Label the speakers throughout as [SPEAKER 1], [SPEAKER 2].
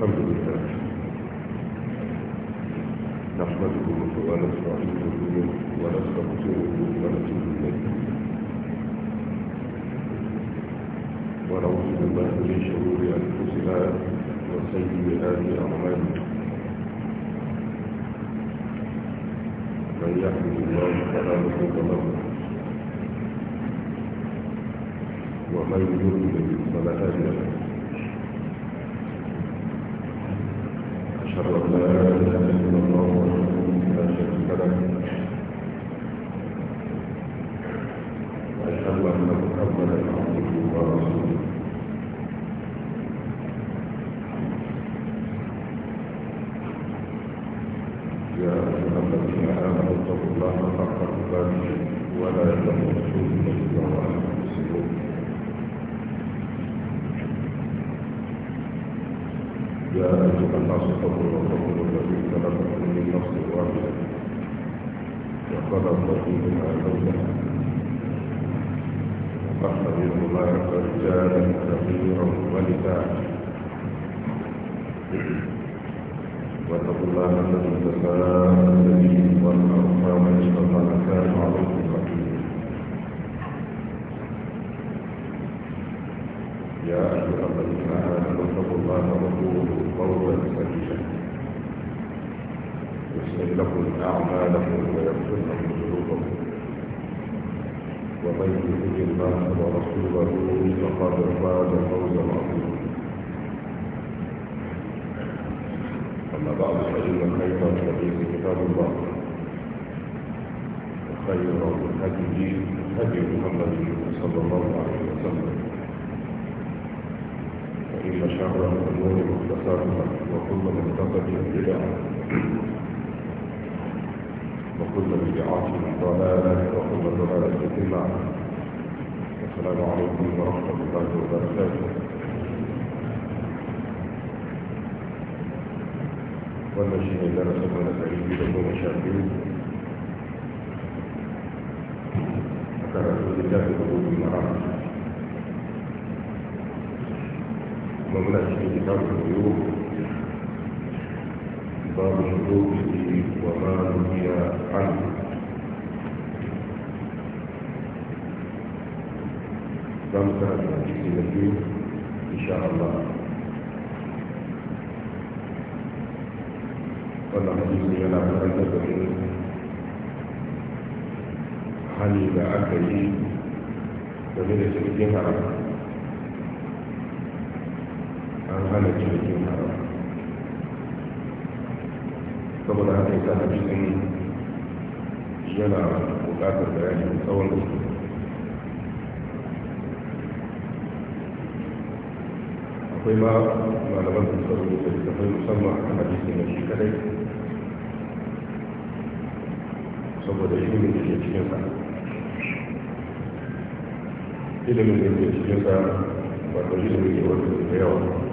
[SPEAKER 1] الحمد لله
[SPEAKER 2] نحمده ونستعينه ونستغفره ونتوب اليه ونعوذ
[SPEAKER 1] بالله من شرور انفسنا وسيئات اعمالنا
[SPEAKER 2] من يحمد الله فلا مضل له ومن يضلل
[SPEAKER 1] فلا هادي له أشهد أن لا إله إلا الله
[SPEAKER 2] وحده لا شريك له وأشهد أن محمدا عبده ورسوله
[SPEAKER 1] وبعث رجالا كثيرا ونساء واتقوا الله الذي تساءلون به والارحام ان الله كان عليكم رحيما
[SPEAKER 2] يا ايها الذين امنوا اتقوا الله وقولوا قولا سديدا يصلح لكم اعمالكم ويغفر لكم ذنوبكم ومن يطع الله ورسوله فقد فاز فوزا عظيما اما بعد فان خير الحديث كتاب الله وخير
[SPEAKER 1] الهدي هدي محمد صلى الله عليه وسلم وان شر الامور مختصرها وكل مختصر بدعه وكل من يعاش ضلالا وكل ضلالة في الدماء السلام عليكم ورحمة الله وبركاته والمشي إلى رسول الله صلى الله عليه وسلم
[SPEAKER 2] وكرسول الله في قلوب المرأة ومن أجل كتاب الغيوب
[SPEAKER 1] باب الغيوب وما نهي عنه خمسة حديث مجيد إن شاء الله قال حديث من أحد المسلمين حليب عبدي ومن سبيل جهة عن هذا الجهة saboda haka yasa hadisin yana buƙatar bayani tsawon gaske akwai ma malaman da suka rubuta littattafai musamman a kan hadisin da shi kadai saboda shi ne da ke cikin sa ilimin da ke cikin sa ba ta ilimin da wata da yawa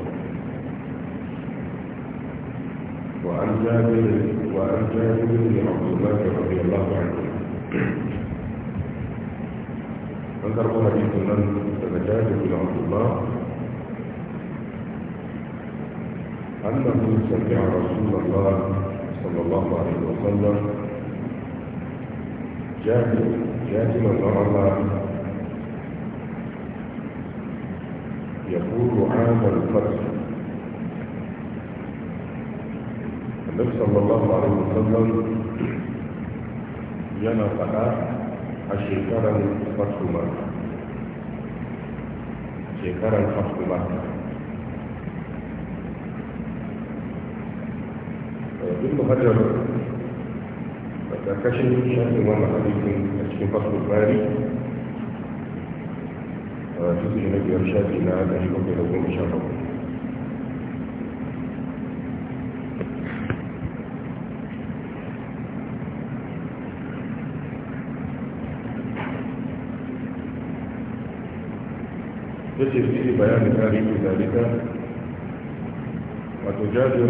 [SPEAKER 1] وعن جابر وعن جابر بن عبد الله رضي الله عنه ذكر حديث من جابر بن عبد الله أنه سمع رسول الله صلى الله عليه وسلم جابر جابر الله يقول عام الفتح النبي صلى الله عليه وسلم ينفح الشيكارا الفصل مرة الشيكارا الفصل مرة ابن هجر كشف شهر امام حديث الشيكارا الفصل مرة فتاكشن شهر امام حديث الشيكارا الفصل مرة
[SPEAKER 2] فتاكشن شهر امام
[SPEAKER 1] يجب في بيان تاريخ ذلك وتجادر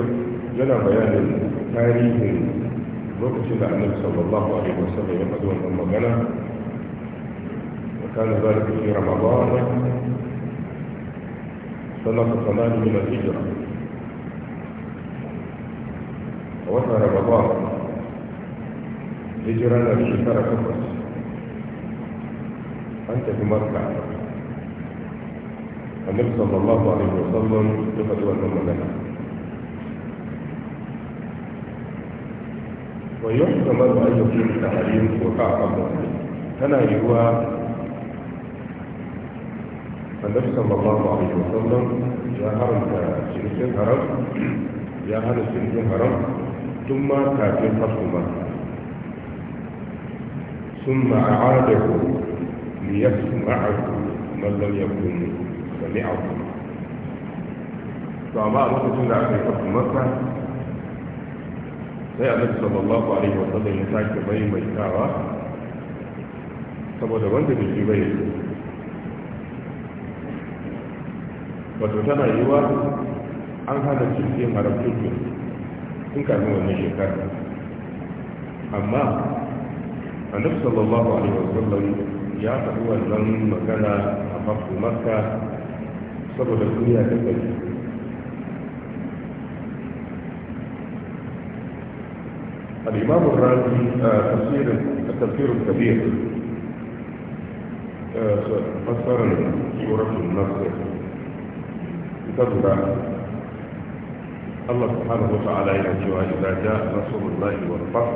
[SPEAKER 1] جل بيان تاريخ الوقت النبي صلى الله عليه وسلم ثم وتمكن وكان ذلك في رمضان سنة ثمان من الهجرة ووقع رمضان هجرة نبي شرف أنت في مركز النبي صلى الله عليه وسلم يقول أنه ملائكة ويحتمل أن يكون التحريم وقع قبل ذلك النبي صلى الله عليه وسلم يا هرم شنكين هرم يا هرم شنكين هرم ثم كافر فتح ثم أعاده ليسمعه من لم يكن sami'ahu to amma a lokacin da aka yi kafin maka sai annabi sallallahu alaihi wasallam ya sake bai mai tawa saboda wanda bai ji bai wato tana yiwa an hana cikin harafin sun kafin wannan shekara amma annabi sallallahu alaihi wasallam ya faɗi wannan magana a mafi makka saboda الدنيا ta الإمام الرازي تفسير التفسير الكبير فسر سورة النصر تبرع الله سبحانه وتعالى يرجو إذا جاء رسول الله والفتح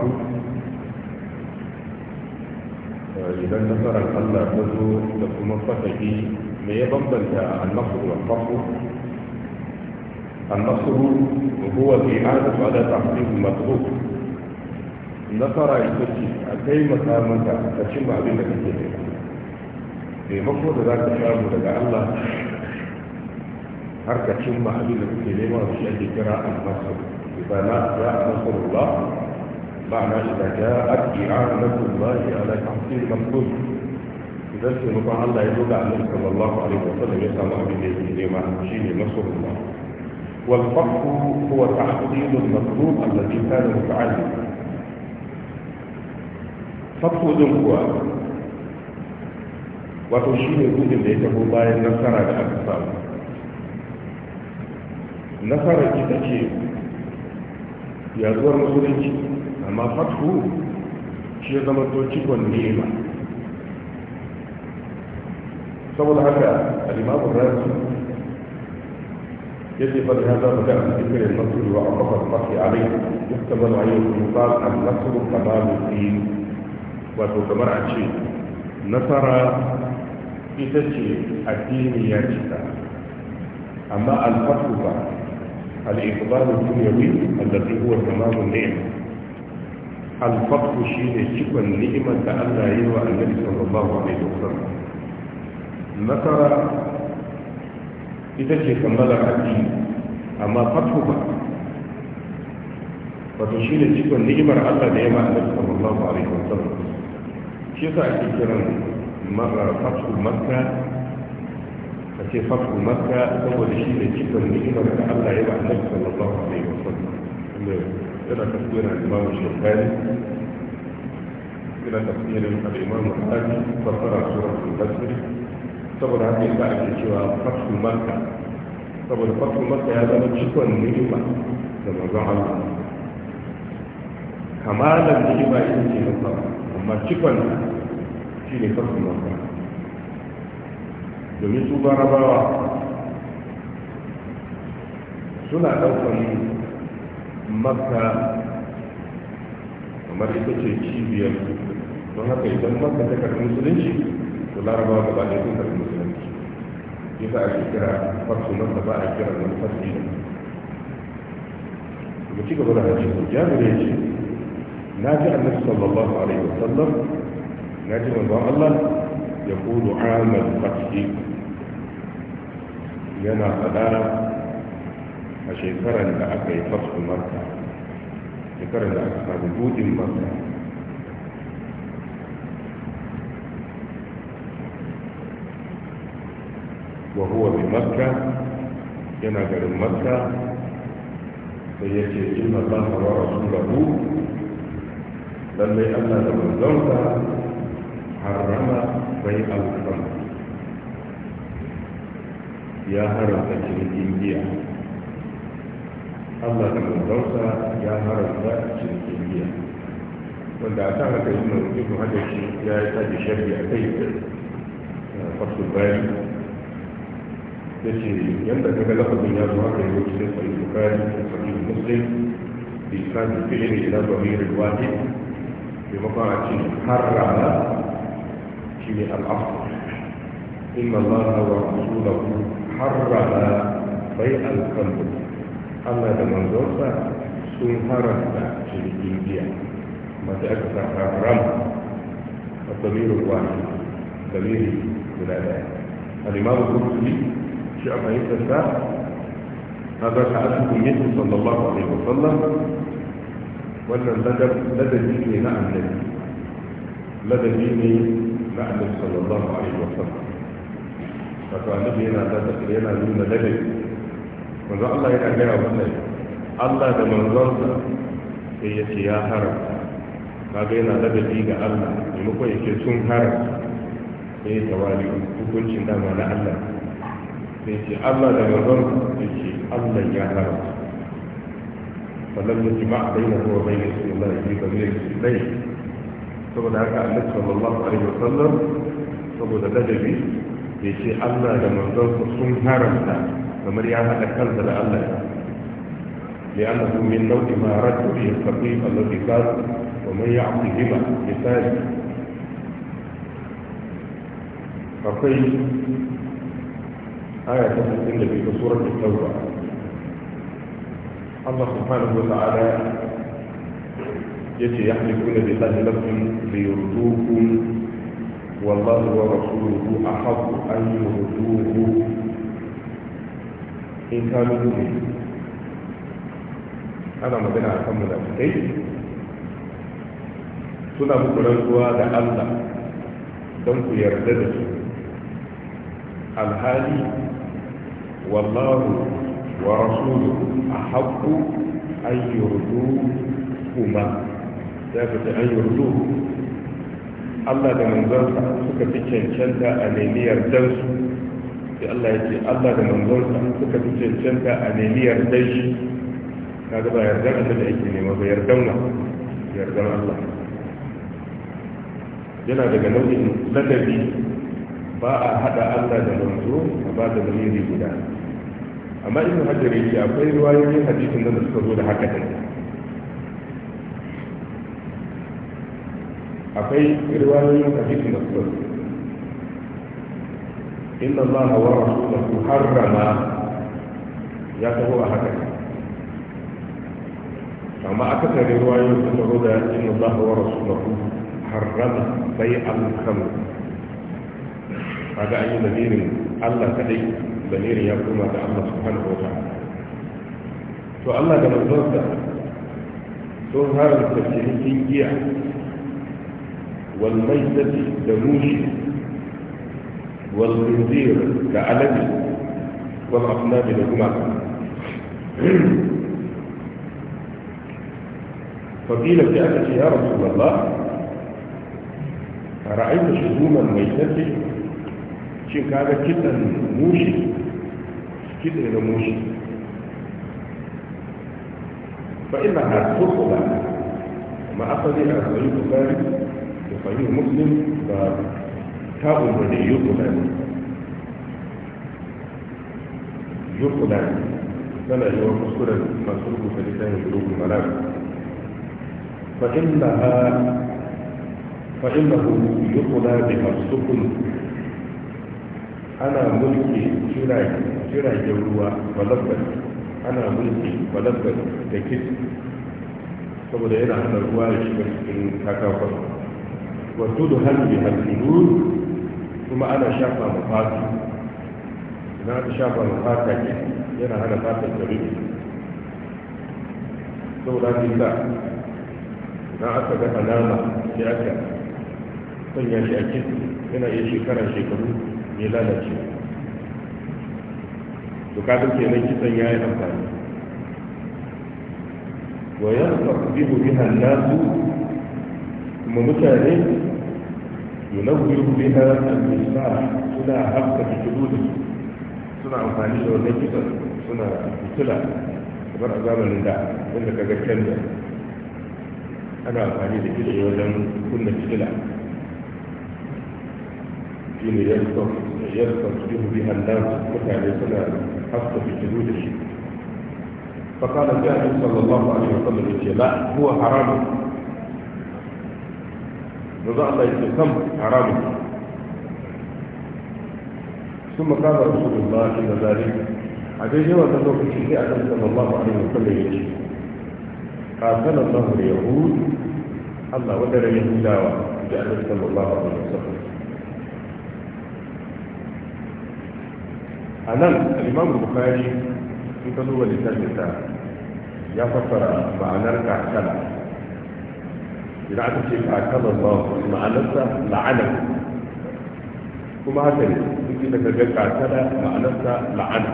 [SPEAKER 1] إذا نصر الله تزور تكون فتحي ما هي ضمنت النصر والقصر النصر هو في عادة على تحقيق المطلوب نصر الكتي أكيد مثلا من تشمع بنا كتير في مقصود ذلك الشام لدى الله هر تشمع بنا كتير وفي ذكرى النصر إذا لا جاء نصر الله معنى إذا جاءت إعانة الله على تحقيق المطلوب dan taimakon Allah ya zo ga Annabi sallallahu alaihi wasallam ya samu abin da yake nema shine nasrullah wal fath huwa tahsil al matlub alladhi kana muta'allim fath din kuwa wato shi ne gudun da ya tafi bayan nasara da aka samu nasara ita ce yaduwar musulunci amma fathu shi ya zama to cikon nema saboda haka الإمام الرازي يجب لهذا بدأ بذكر النصر وعقب الفتح عليه يحتمل أن يقال النصر كمال الدين وتكمل عن شيء نصر إتشي الدين يجب أما الفتح الإقبال الدنيوي الذي هو تمام النعم الفتح شيء شكوى النعمة أن لا يروى النبي صلى الله عليه وسلم nasara ita ce kammala addini amma fatu ba
[SPEAKER 2] wato shi ne cikon ni'imar Allah da ya ma annabi
[SPEAKER 1] sallallahu alaihi wasallam shi yasa ake kiran fatu makka a ce fatu makka saboda shi ne cikon ni'imar da Allah ya ma annabi sallallahu alaihi wasallam yana tafsirin al-Imam Shawkani yana tafsirin al-Imam Al-Hadi fasara suratul Basri saboda haka yadda ake cewa fatu makka saboda fatu makka ya zama cikon ni'ima da mazan Allah kamalar ni'ima ita ce na sama amma cikon shi ne fatu makka domin su rabawa suna ɗaukar makka kamar ita ce cibiyar don haka idan makka ta karɓi musulunci to larabawa gaba ɗaya sun karɓi musulunci shi sa ake kira farko nan da ba a kira wani farko ne mu ci gaba da hadisin jabir ya ce na ji annabi sallallahu alaihi wasallam na ji manzon Allah ya kudu amal fatih yana fada a shekarar da aka yi fasu marka shekarar da aka samu budin marka وهو بمكة كان غير مكة فيكي إن الله ورسوله لما لأن لمن زوجة حرم بيع الخمر يا هرم تجري إنديا الله لمن زوجة يا هرم تجري إنديا وإن دعتها كيما يجب هذا الشيء جاي إتاج شبيع كيف فصل بيع yace yanda kaga lafazin ya zo haka yau sai sai bukari da sahih muslim bi sani fi'li ila dhamir al-wahid bi maqaati harrama shi ne al-afd inna allaha wa rasuluhu harrama bai al-qalb Allah da manzonsa sun haramta cikin giya mace aka sa haram a dhamir al-wahid dhamir guda daya al-imam al-qurtubi shi a fahimtar na haka ka asu kunyatin sallallahu alaihi wa sallam wannan ladabi ne na annabi ladabi ne na annabi sallallahu alaihi wa sallam wato annabi yana da yana nuna ladabi manzo Allah yana gaya wannan Allah da manzonsa sai ya ce ya haramta kaga yana ladabi ga Allah maimakon ya yake sun haramta sai ya tawali hukuncin dama na Allah da Allah da gabar da ke Allah ya haramta فلم يجمع بينه وبين اسم الله في بنيه الليل saboda haka annabi sallallahu alaihi wasallam saboda ladabi ya ce Allah da manzonsa sun haramta kamar ya haɗa kansa da Allah لأنه من نوع ما رد به الخطيب الذي قال ومن يعصيهما لسانه أقول aya ta 62 ta surar tauba Allah subhanahu wa ta'ala yace yahlifuna billahi lakum والله ورسوله أحق أن يردوه إن كانوا مؤمنين أنا ما بين أكم منافقين suna muku rantsuwa da Allah don ku yarda da su alhali wallahu wa rasuluhu ahaqqu an yurduhuma ya fita an yurduhu Allah da manzonsa suka fi cancanta a nemi yardansu sai Allah ya ce Allah da manzonsa suka fi cancanta a nemi yardan shi kaga ba yardan Allah da yake nema ba yardan yana daga nau'in ladabi ba a hada Allah da manzo a ba da dalili guda amma ibn hajar yake akwai riwayoyin hadisin da suka zo da haka din akwai riwayoyin hadisin da suka zo inna Allah wa rasuluhu harrama ya taho a haka amma aka tare riwayoyin da suka zo kaga an yi lamirin Allah kadai lamirin ya koma ga Allah subhanahu wa ta'ala to Allah da manzonsa sun haramta cinikin giya wal maitati da mushi wal khinzir da alabi wal afnab da gumaka فقيل في أكل يا رسول الله أرأيت شزوم الميتة shin kaga kitan mushi kitse na mushi fa inna ha tuqba ma asali a sahih da sahih muslim ba ta umarni yuqba yuqba tana yi wa kuskuren masu rubuta littafin rubutun malam fa inna ha fa innahu da masu masukun ana mulki jiragen ruwa balabbar ana mulki balabbar da kit saboda yana hana ruwa da shiga cikin katakon wato da hannu ya kuma ana shafa ma fata na ta shafa ma fata ke yana hana fata da rufi. saboda ta yi na aka ga alama ya ka sanya shi a kit yana iya shekara shekaru ya lalace bukatun kenan kisan ya yi amfani wa bi bihu biha nasu kuma mutane yunawwiru biha al-misbah suna hafka fitilu suna amfani da wannan kisan suna fitila kamar a zamanin da wanda kaga canza ana amfani da kitse wajen kunna fitila shine yankan cikin jihar dansu mutane suna haska fitilu da shi fakanan jihar sallallahu alaihi wasallam ya ce la huwa haramun da za a sa yake kan haramun sun makamar su da ba shi da zari a dai yawan da lokaci sai a sallallahu alaihi wasallam ya ce kafinan nahu da yahudu allah wadda rayu hudawa da sallallahu alaihi wasallam anan Imam Bukhari kita in di sana kita ya fassara ma'anar ka kakala idan aka ce kakala ba ma'anarsa la'ana kuma haka ne duk inda ka kala ma'anar ma'anarsa la'ana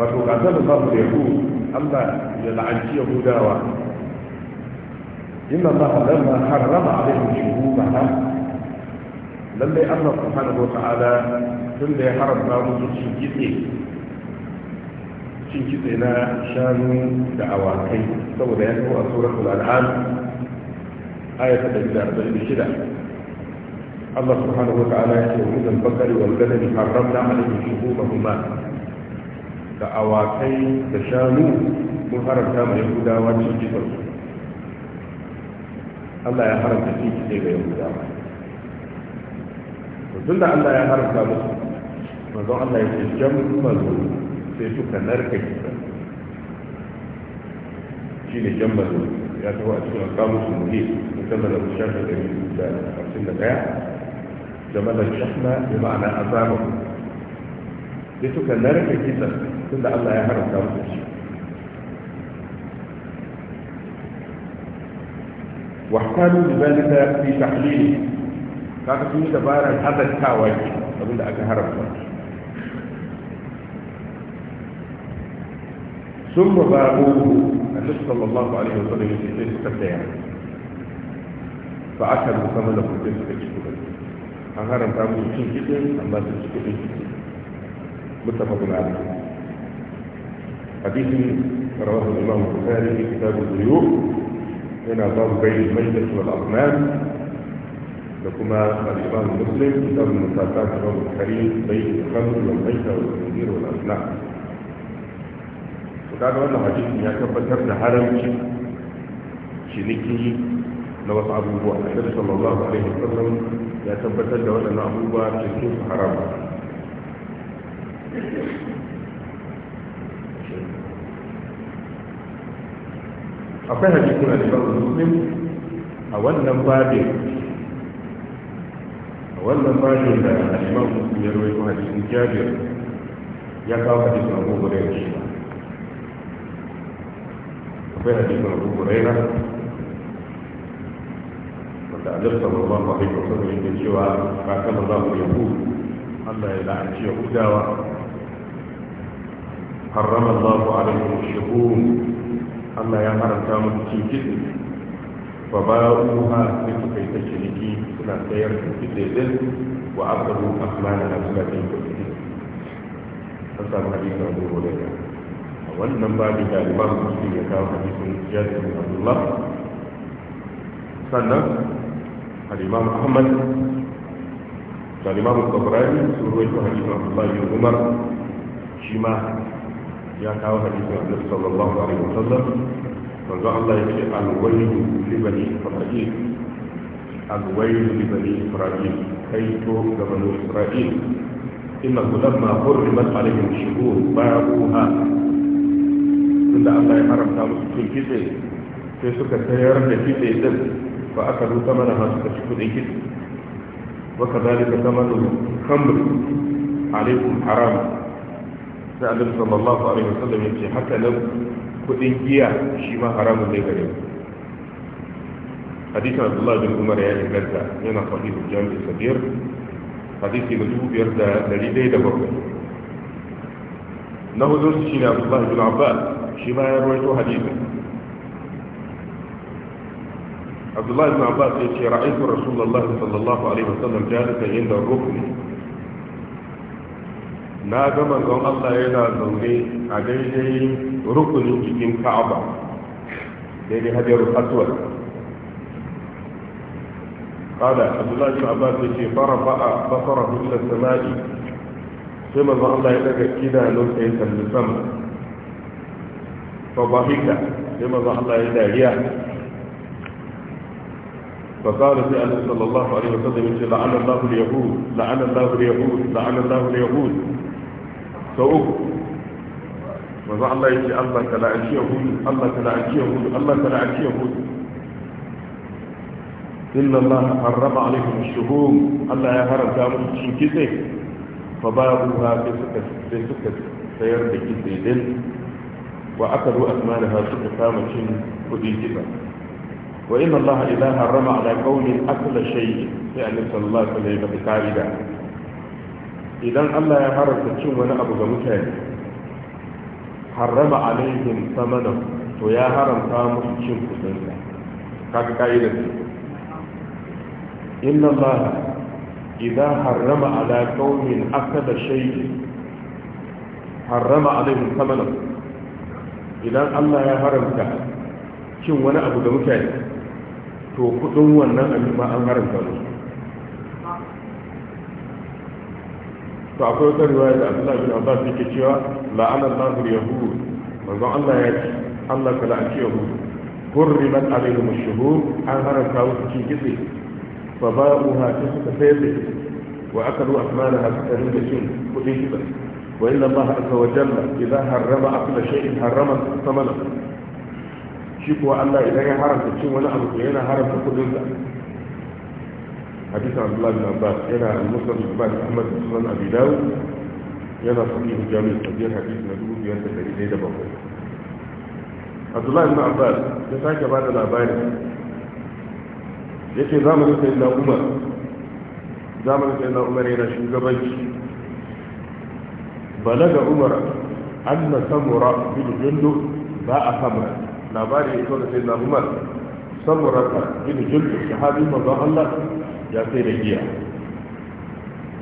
[SPEAKER 1] wato kakala ba da yahu allah ya la'anci yahudawa inna allah lamma harrama alaihim shuhubaha lallai Allah subhanahu wa ta'ala tun da ya haramta musu cin kitse cin kitse na shanu da awakai saboda ya kawo a suratul al'am aya ta 146 الله سبحانه وتعالى يقول البقر والغنم حرمنا عليهم شحومهما da awakai da shanu mun haramta ma yahudawa cikin Allah ya haramta cin kitse ga yahudawa tun da Allah ya haramta musu manzon Allah ya ce jammalu sai suka narka kisa shi ne jammalu ya taho a cikin akamusu muhi musamman da shafi da da hamsin da ɗaya jamalar shahna bi ma'ana azaba sai suka narka kisa tun da Allah ya haramta musu shi واحتالوا بذلك في تحليله kaka sun yi dabarar ke abin da aka haramta ba ثم باعوه النبي صلى الله عليه وسلم يقول استفتيا فأكلوا ثمنه ci تجدون an haramta musu cin kiɗin amma su ci kiɗin mutafakun ala hadisin rawahu imam bukhari kitabul buyur yana babu bayin majlis wal aqnan da kuma al'ibar muslim da musata ta wani bukari bai da lambai da wani da asna to kada wannan hadisi ya tabbatar da haramci ciniki na wasu abubuwa a shirin sallallahu alaihi wasallam ya tabbatar da waɗannan abubuwa cikin su haram akwai da alibar muslim a wannan babin wannan bashin da al'imam muslim ya rawaito cikin jabir ya kawo hadisin abu hurairah shi akwai hadisin abu hurairah wanda a annabi sallallahu alaihi wasallam yake cewa ka kama za mu yi yahud Allah ya la'anci yahudawa harrama Allah alaihim shuhum Allah ya haramta musu cin kitse ba ba'uha sai suka yi ta suna sayar da fitilin wa abubu asmani na suna yin kuɗi an samu hadisin abu hulaira a wannan babu da imam muslim ya kawo hadisin jabir bin abdullah sannan al-imam ahmad da al-imam al-tabrani sun ruwaito hadisin abdullah bin umar shi ma ya kawo hadisin annabi sallallahu alaihi wasallam manzo Allah ya ce al-wayl li bani isra'il الويل لبني إسرائيل كيتو بنو إسرائيل إنه لما حرمت عليهم الشهور باعوها tunda Allah ya haramta musu cin kitse sai suka sayar da kitse din fa aka rusa mana masu kashi kudin kitse wa kadhalika tamanu khamr alaikum haram sai annabi sallallahu alaihi wasallam ya ce haka kudin giya shi ma haramun ne gare حديث عبد الله بن عمر يا يعني جدا هنا صحيح الجامع الكبير حديث مدوب بيرد لدي دي دبر انه دوس شيل عبد الله بن عباس شما يرويته حديثا عبد الله بن عباس يقول رأيت رسول الله صلى الله عليه وسلم جالسا عند الركن ناجا من قال الله يلا زوري عليه ركن يمكن كعبة لأن هذه الأسود قال عبد الله بن عباس في فرفع بصره الى السماء ثم الله يدك كده لون ايه السماء فضحك ثم الله يدعى فقال سأل صلى الله عليه وسلم لعن الله اليهود لعن الله اليهود لعن الله اليهود سوء وضع الله يجي الله كلا أنشيه الله كلا أنشيه الله كلا أنشيه inna allaha harrama alaikum shuhum Allah ya haramta musu cin kitse fa babu ha sai suka sai suka sayar da kitse din wa aka zo asmana ha suka kama cin kudi kitse wa inna allaha idza harrama ala qawmin akla shay sai annabi sallallahu alaihi wasallam ya kaida idan Allah ya haramta cin wani abu ga mutane harrama alaihim samanahu to ya haramta musu cin kudin kaga kaidar inna allaha idan harrama ala qaumin akada shay harrama alaihim thamanan idan Allah ya haramta cin wani abu da mutane to kudin wannan abin an haramta musu to akwai wata riwaya da Abdullah bin Abbas yake cewa la'ana Allahu al-yahud Allah ya ce Allah ka la'anci yahud hurrimat an haramta musu cin kitse فباؤها في فيبه وأكلوا أكمالها بالتنمية قديمة وإن الله عز وجل إذا حرم أكل شيء حرم ثمنه شكوى الله إذا حرم تشين ولا أبو كينا حرم تقدم حديث عبد الله بن عباس إلى المسلم بن أحمد بن أبي داود ينا صحيح جامع الصديق حديث نقول ينتهي إليه دبابه عبد الله بن عباس يسعى كبار الأبائل yace zamanin sai na umar zamanin sai na umar yana shugabanci balaga umar an na samura bil jundub ba a samura labari ya zo da sai na umar samura bil jundub sahabi manzo Allah ya sai da giya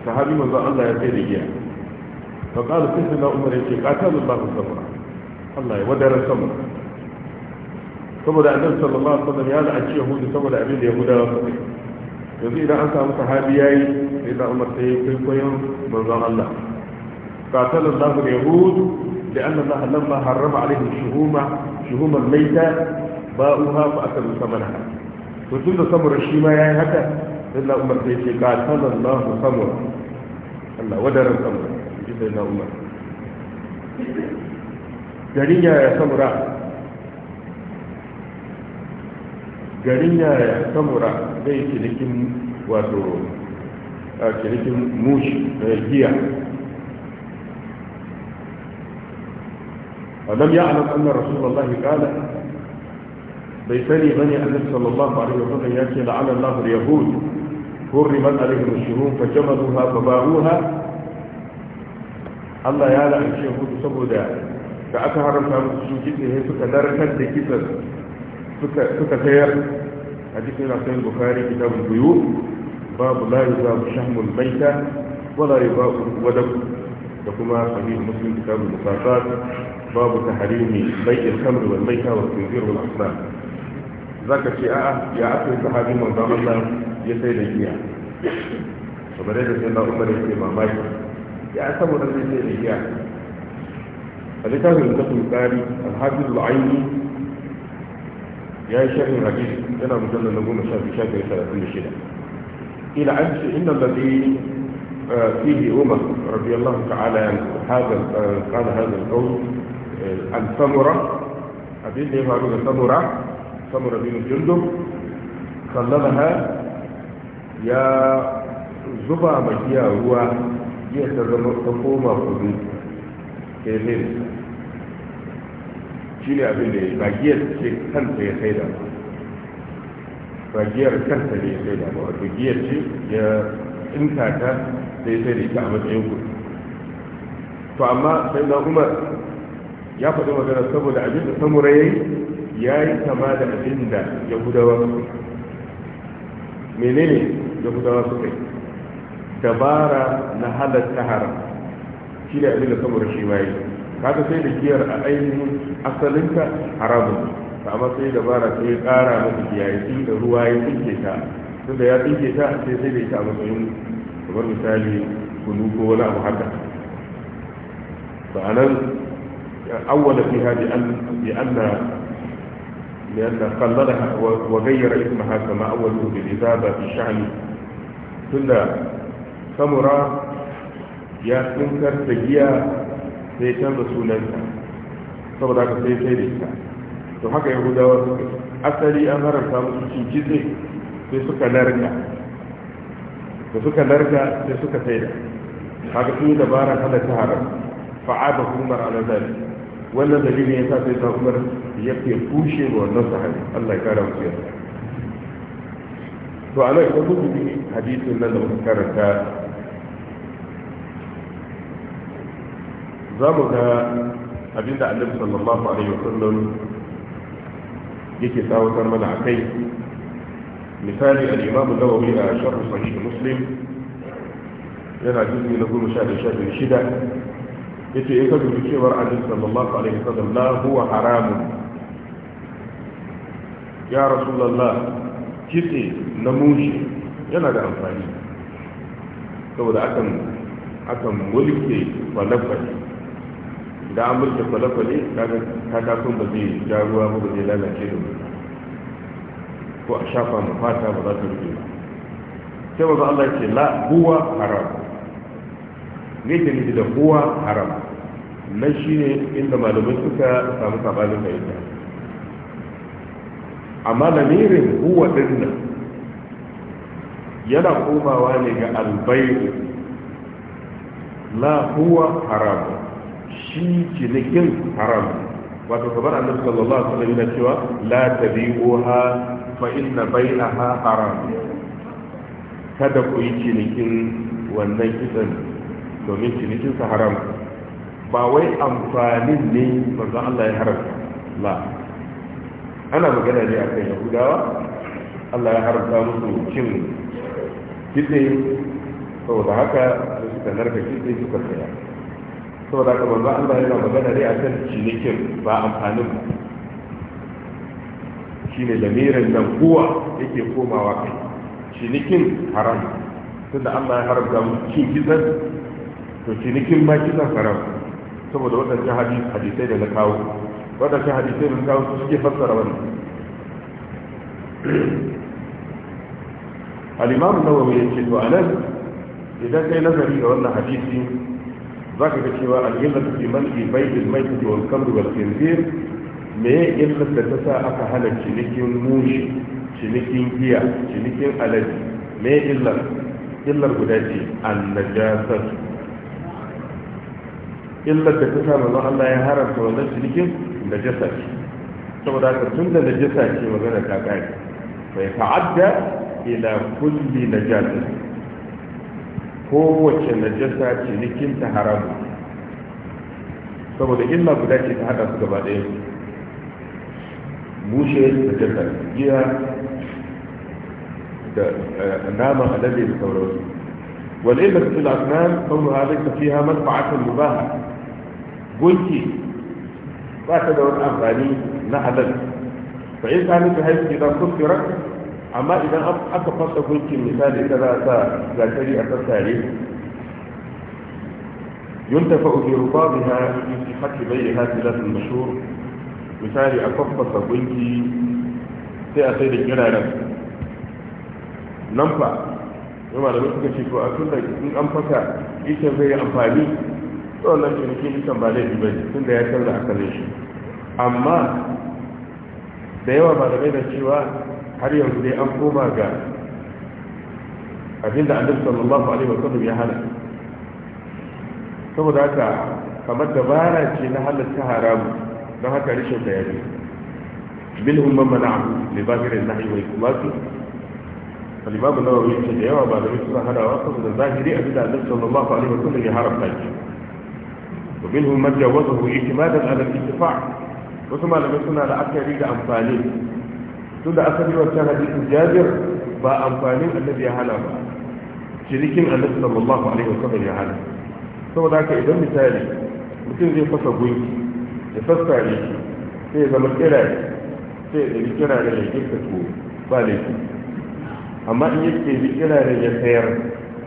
[SPEAKER 1] sahabi manzo Allah ya sai da giya fa qala sai na umar ya ce yace qatalallahu samura Allah ya wadara samura saboda annabi sallallahu alaihi wasallam ya la'anci yahudi saboda abin da yahuda ba sai yanzu idan an samu sahabi yayi sai da umar sai kai koyon manzon Allah qatala Allah al yahud li anna Allah lam ma harrama alaihi shuhuma shuhuma al-mayta ba'uha fa akalu samanaha to tun da shi ma yayi haka sai da umar sai kai qatala Allah samura Allah wadaran samura sai da umar garin ya samura garin yaya kamura zai cinikin wato a cinikin mushi da giya adam ya alam anna rasulullah kala bai sani bane annabi sallallahu alaihi wasallam ya ce la'ana allah al-yahud hurrimat alaihim ash-shurum fa jamaduha fa ba'uha Allah ya la'ance ku saboda da aka haramta musu su kitse suka narkar da kisan suka tsaya a jikin rasuwar bukari ita buyu babu lari za mu shan mulmaita wala yi ba kuma sami musulun ita buyu kasa babu ta hari mai baikin kamar mulmaita wa tunzir za ka ce a'a ya aka yi sahabi mai ya sai da giya kamar yadda sai na umar ya mamaki ya saboda zai sai da giya a littafin da ta tunkari alhajin lu'aini يا شيخ العزيز انا مجلد نقول في شاكر ثلاثين شده الى عجز ان الذي آه، فيه امه رضي الله تعالى هذا آه، قال هذا القول عن هذه آه، اللي هي الثمره ثمره بين الجندب خللها يا زبا مجيا هو يهتزم الحكومه في كيلينسا shine ne abin da ya ba giyar ce kanta ya sai da ba giyar kanta ne ya sai da ba wato giyar ce ya tsinta ta sai sai da ita a matsayin kuɗi to amma sai na umar ya faɗi magana saboda abin da samurai ya yi kama da abin da yahudawa su menene yahudawa su kai dabara na halatta haram shi ne abin da samurai shi ma yi kaga sai da giyar a ainihin asalinta haramun amma sai dabara sai ya kara masa giya ya da ruwa ya tsinke ta tunda ya tsinke ta sai sai da ita a matsayin kamar misali kunu ko wani abu haka فأنا أول فيها بأن لأن لأن قللها وغير اسمها كما أوله fi في tunda ثم ya tsinkar da giya. sai canza sunanta saboda ka sai sai da ita to haka yahudawa suka asali an haramta musu cin kitse sai suka larga da suka larga sai suka sai da haka sun yi dabara hana ta haram fa'ada umar ala zalik wannan dalilin ya sa sai ta umar ya ke kushe da wannan sahabi Allah ya kara musu yarda to a nan idan mutum hadisin nan da muka karanta zamu ga abinda annabi sallallahu alaihi wasallam yake tsawatar mana akai misali al-imam nawawi a sharh sahih muslim yana jizmi na goma sha da sha biyu shida yace in ka dubi cewar annabi sallallahu alaihi wasallam la huwa haramun ya rasulullah kitse namushi yana da amfani saboda akan akan mulke falafali da an burke kwale ta katakon ba zai jaruwa ruwa ba zai lalace da wuri ko a shafa mu fata ba za ta rufe ba sai wanzu allah ce la huwa haram ne ta nufi da huwa haram na shi ne inda malamai suka samu sabanin ita. amma lamirin huwa din nan yana komawa ne ga albayi la huwa haram shi cinikin haram wato kamar annabi sallallahu alaihi wasallam cewa la tabi'uha fa inna bainaha haram kada ku yi cinikin wannan kitsan domin cinikin sa haram ba wai amfanin ne manzo Allah ya haramta la ana magana ne akan yahudawa Allah ya haramta musu cin kitse saboda haka suka narka kitse suka saya saboda ka manzo Allah yana magana ne kan cinikin ba amfanin ba ne lamirin nan kuwa yake komawa kai cinikin haram tunda Allah ya haramta mu cin kizan to cinikin ma kizan haram saboda waɗancan hadisai da na kawo waɗancan hadisai da na kawo su suke fassara wannan al-imam nawawi yake to anan idan kai nazari ga wannan hadisi za ka ga cewa al'illar fi da baitul maiti wal kamru wal khinzir me ya illar da ta sa aka hana cinikin mushi cinikin giya cinikin alaji me ya illar illar guda ce annajasar illar da ta sa manzo Allah ya haramta wannan cinikin najasa ce saboda haka tun da najasa ce magana ta kai bai ta'adda ila kulli najasa kowace najasa cinikin ta haramu saboda illa guda ce ta hada su gaba ɗaya bushe da najasa giya da naman alade da sauransu والعلة في الأسنان كونها ليس فيها منفعة مباحة قلتي فاتد والأفغاني نهلا فإن كانت بحيث إذا كفرت amma idan aka fasa gunkin misali ta za a sa gatari a sassare yuntafa bi rubabiha fi sihhati fi thalath mashhur misali a fasa gunki sai a sai da kiraran nan fa yamma da suka ce ko a da in an fasa ita zai yi amfani nan wannan ciniki nisan ba laifi tun da ya canza akalin shi amma da yawa malamai da cewa har yanzu dai an koma ga abin da annabi sallallahu alaihi wasallam ya hana saboda haka kamar dabara ce na halatta haramu don haka rashin bayani bil umman mana'u li zahirin nahyi wa ikumati al-imam an-nawawi ce da yawa ba da suna hadawa saboda zahiri abin da annabi sallallahu alaihi wasallam ya haramta shi ومنهم من جوزه اعتمادا على الانتفاع وثم لم يكن على اكثر امثاله tun da aka asali wancan hadisin jabir ba amfanin annabi ya hana ba cinikin annabi sallallahu alaihi wasallam ya hana saboda haka idan misali mutum zai fasa gunki ya fasa ne sai ya zama kira sai ya ɗari kira da ya girka to ba laifi amma in yake bi kira da ya sayar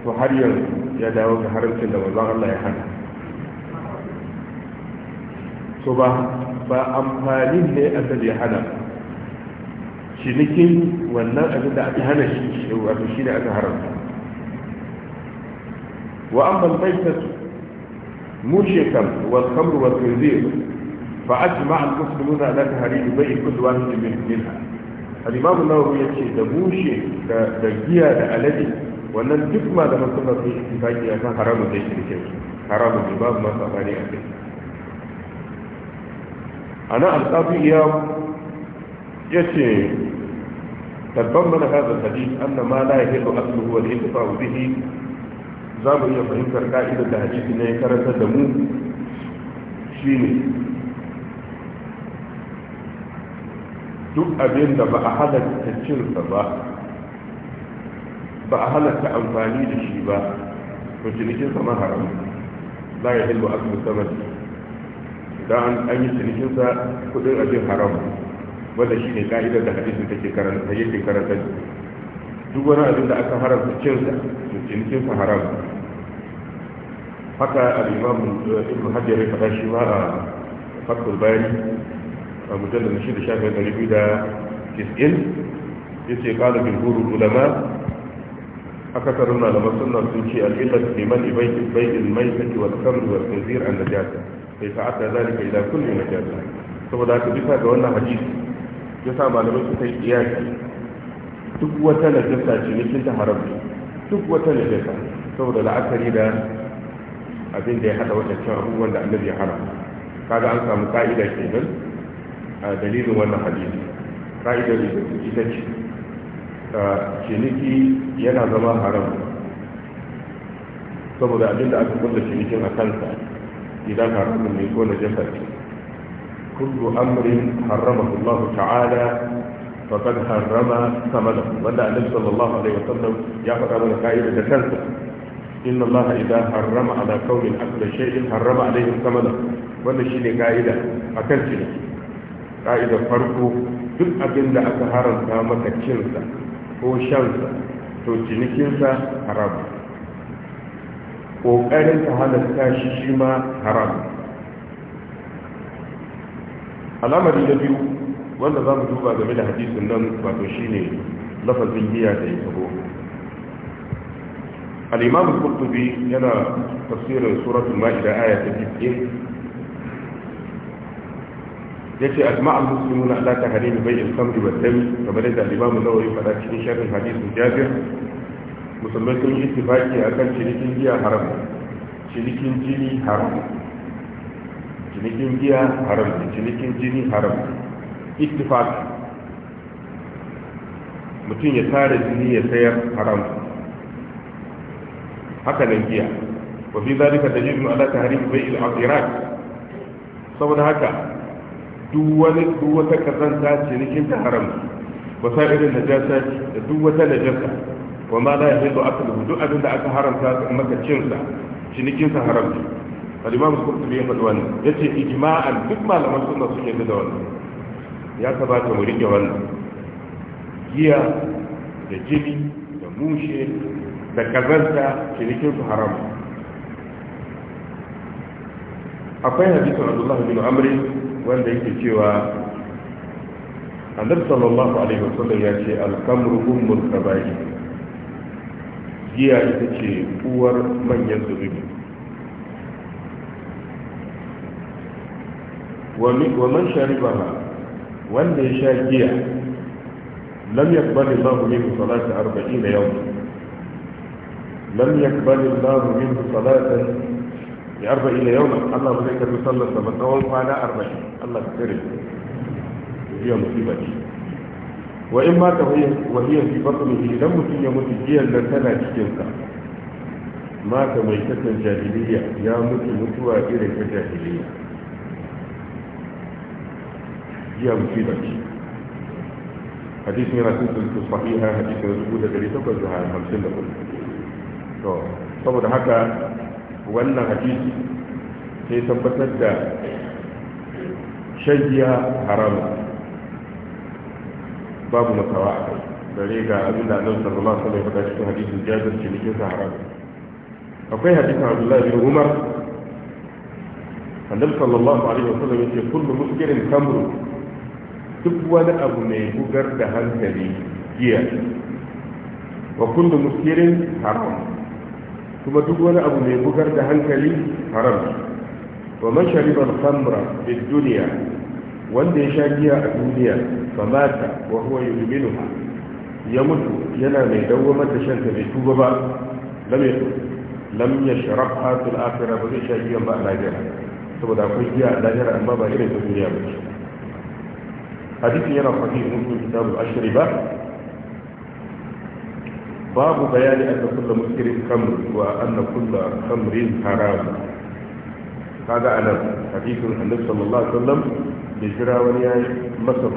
[SPEAKER 1] to har yanzu ya dawo ga haramcin da manzon Allah ya hana to ba ba amfanin ne asali ya hana cinikin wannan abin da aka hana shi wato shi ne aka haramta wa an balbaita mushe kam wal khamru wal khinzir fa ajma al muslimun ala tahrimi bai kulli wahid min minha al imam an-nawawi yace da mushe da giya da alade wannan duk malaman sunna sun yi ittifaqi akan haramun da yake cikin haramun ne babu ma sabani a kai ana al-qabi ya yace tabban mana hadha hadith anna ma la yahillu asluhu wal intifa'u bihi za mu iya fahimtar ka'idar da hadisi ne karanta da mu shine duk abin da ba a halatta cinsa ba ba a halatta amfani da shi ba to cinikin sa haram za ya hilba asu musamman an yi cinikin sa kudin abin haram wanda shine ka'idar da hadisin take karanta yake karanta duk wani abin da aka haramta cinsa to cinikin sa haram haka al-imam ibn hajar ya faɗa shi ma a fatul bayani a mujallar na shida shafin ɗari biyu da tis'in ya ce ƙara jimhurin ulama aka karin malaman suna sun ce al'illar liman ibaikin baikin mai saki wa kamar wa tsinzir an najasa bai ta'adda zalika ila kulli najasa saboda haka bisa ga wannan hadisi ya sa malamai suka yi iyaki duk wata najasa ce nikin ta haram duk wata najasa saboda la'akari da abin da ya hada wadancan abubuwan da annabi ya haram kaga an samu ka'ida kenan a dalilin wannan hadisi ka'idar da ita ce ciniki yana zama haram saboda abin da aka kulla cinikin a kansa idan haramun ne ko najasa ce كل أمر حرمه الله تعالى فقد حرم ثمنه ولا النبي صلى الله عليه وسلم يأخذ على القائد ذكرته إن الله إذا حرم على كون أكل شيء حرم عليه ثمنه ولا شيء قائدة أكلت قائدة فرقه duk abin da aka haramta maka cinsa ko shansa to cinikinsa haram ƙoƙarin ta halatta shi shi ma haram alamari na biyu wanda za mu duba game da hadisin nan wato ne lafazin giya da ya tabo al kurtubi yana tafsirin suratul ma'ida aya ta Ya ce ajma'a musulmi na alaƙa hari bai'il khamri samun dami kamar da al lawari an fada cikin shafin hadisin jabir musulmai sun yi a kan cinikin giya haram cinikin jini haram cinikin giya haram ne cinikin jini haram ne ittifaq mutum ya tare jini ya sayar haram haka nan giya wa fi zalika dalilun ala tahrim bai'il aqirat saboda haka duk wani duk wata kazanta cinikin ta haram wa sa'irin najasa da duk wata najasa wa ma la yahidu akluhu duk abin da aka haramta maka cin sa cinikin sa haram al-imam qurtubi ya faɗi wannan yace ijma'an duk malaman sunna suke yarda da wannan ya kamata mu rike wannan giya da jini da mushe da kazanta cinikin su haram akwai hadisin abdullahi bin amri wanda yake cewa annabi sallallahu alaihi wasallam ya ce al-kamru ummul kabair giya ita ce uwar manyan zubi wa man sharibaha wanda ya sha giya lam yaqbal Allah minhu salata 40 yawma lam yaqbal Allah minhu salatan bi 40 yawma Allah ba zai karbi sallar sa ba tsawon kwana 40 Allah ya tsare ya musiba ce wa in ma ta wahiyar fi batnihi idan mutum ya mutu giyan nan tana cikin sa mata mai kasan jahiliya ya mutu mutuwa irin ta jahiliya jiya musiba ce hadisin yana cikin su sahiha hadisin rubu da dari takwas da hamsin da kuma to saboda haka wannan hadisi sai tabbatar da shan giya haramun babu makawa a kai gare ga abin da sallallahu alaihi wasallam ya cikin hadisin jabir cinikin sa haram akwai hadisin abdullahi bin umar annabi sallallahu alaihi wa wasallam yace kullu muskirin kamru duk wani abu mai bugar da hankali giya wa kullu muskirin haram kuma duk wani abu mai bugar da hankali haram wa man shariba al-khamra fid dunya wanda ya sha giya a duniya fa mata wa huwa yudminuha ya mutu yana mai dawwamar da shan ta bai tuba ba lam yatu lam yashrab akhirah ba zai sha giya ba saboda akwai giya a lahira amma ba irin duniya ba حديث يرى حديث من كتاب الأشربة باب بيان أن كل مسكر خمر وأن كل خمر حرام هذا أنا حديث النبي صلى الله عليه وسلم بجرى ونياي مصر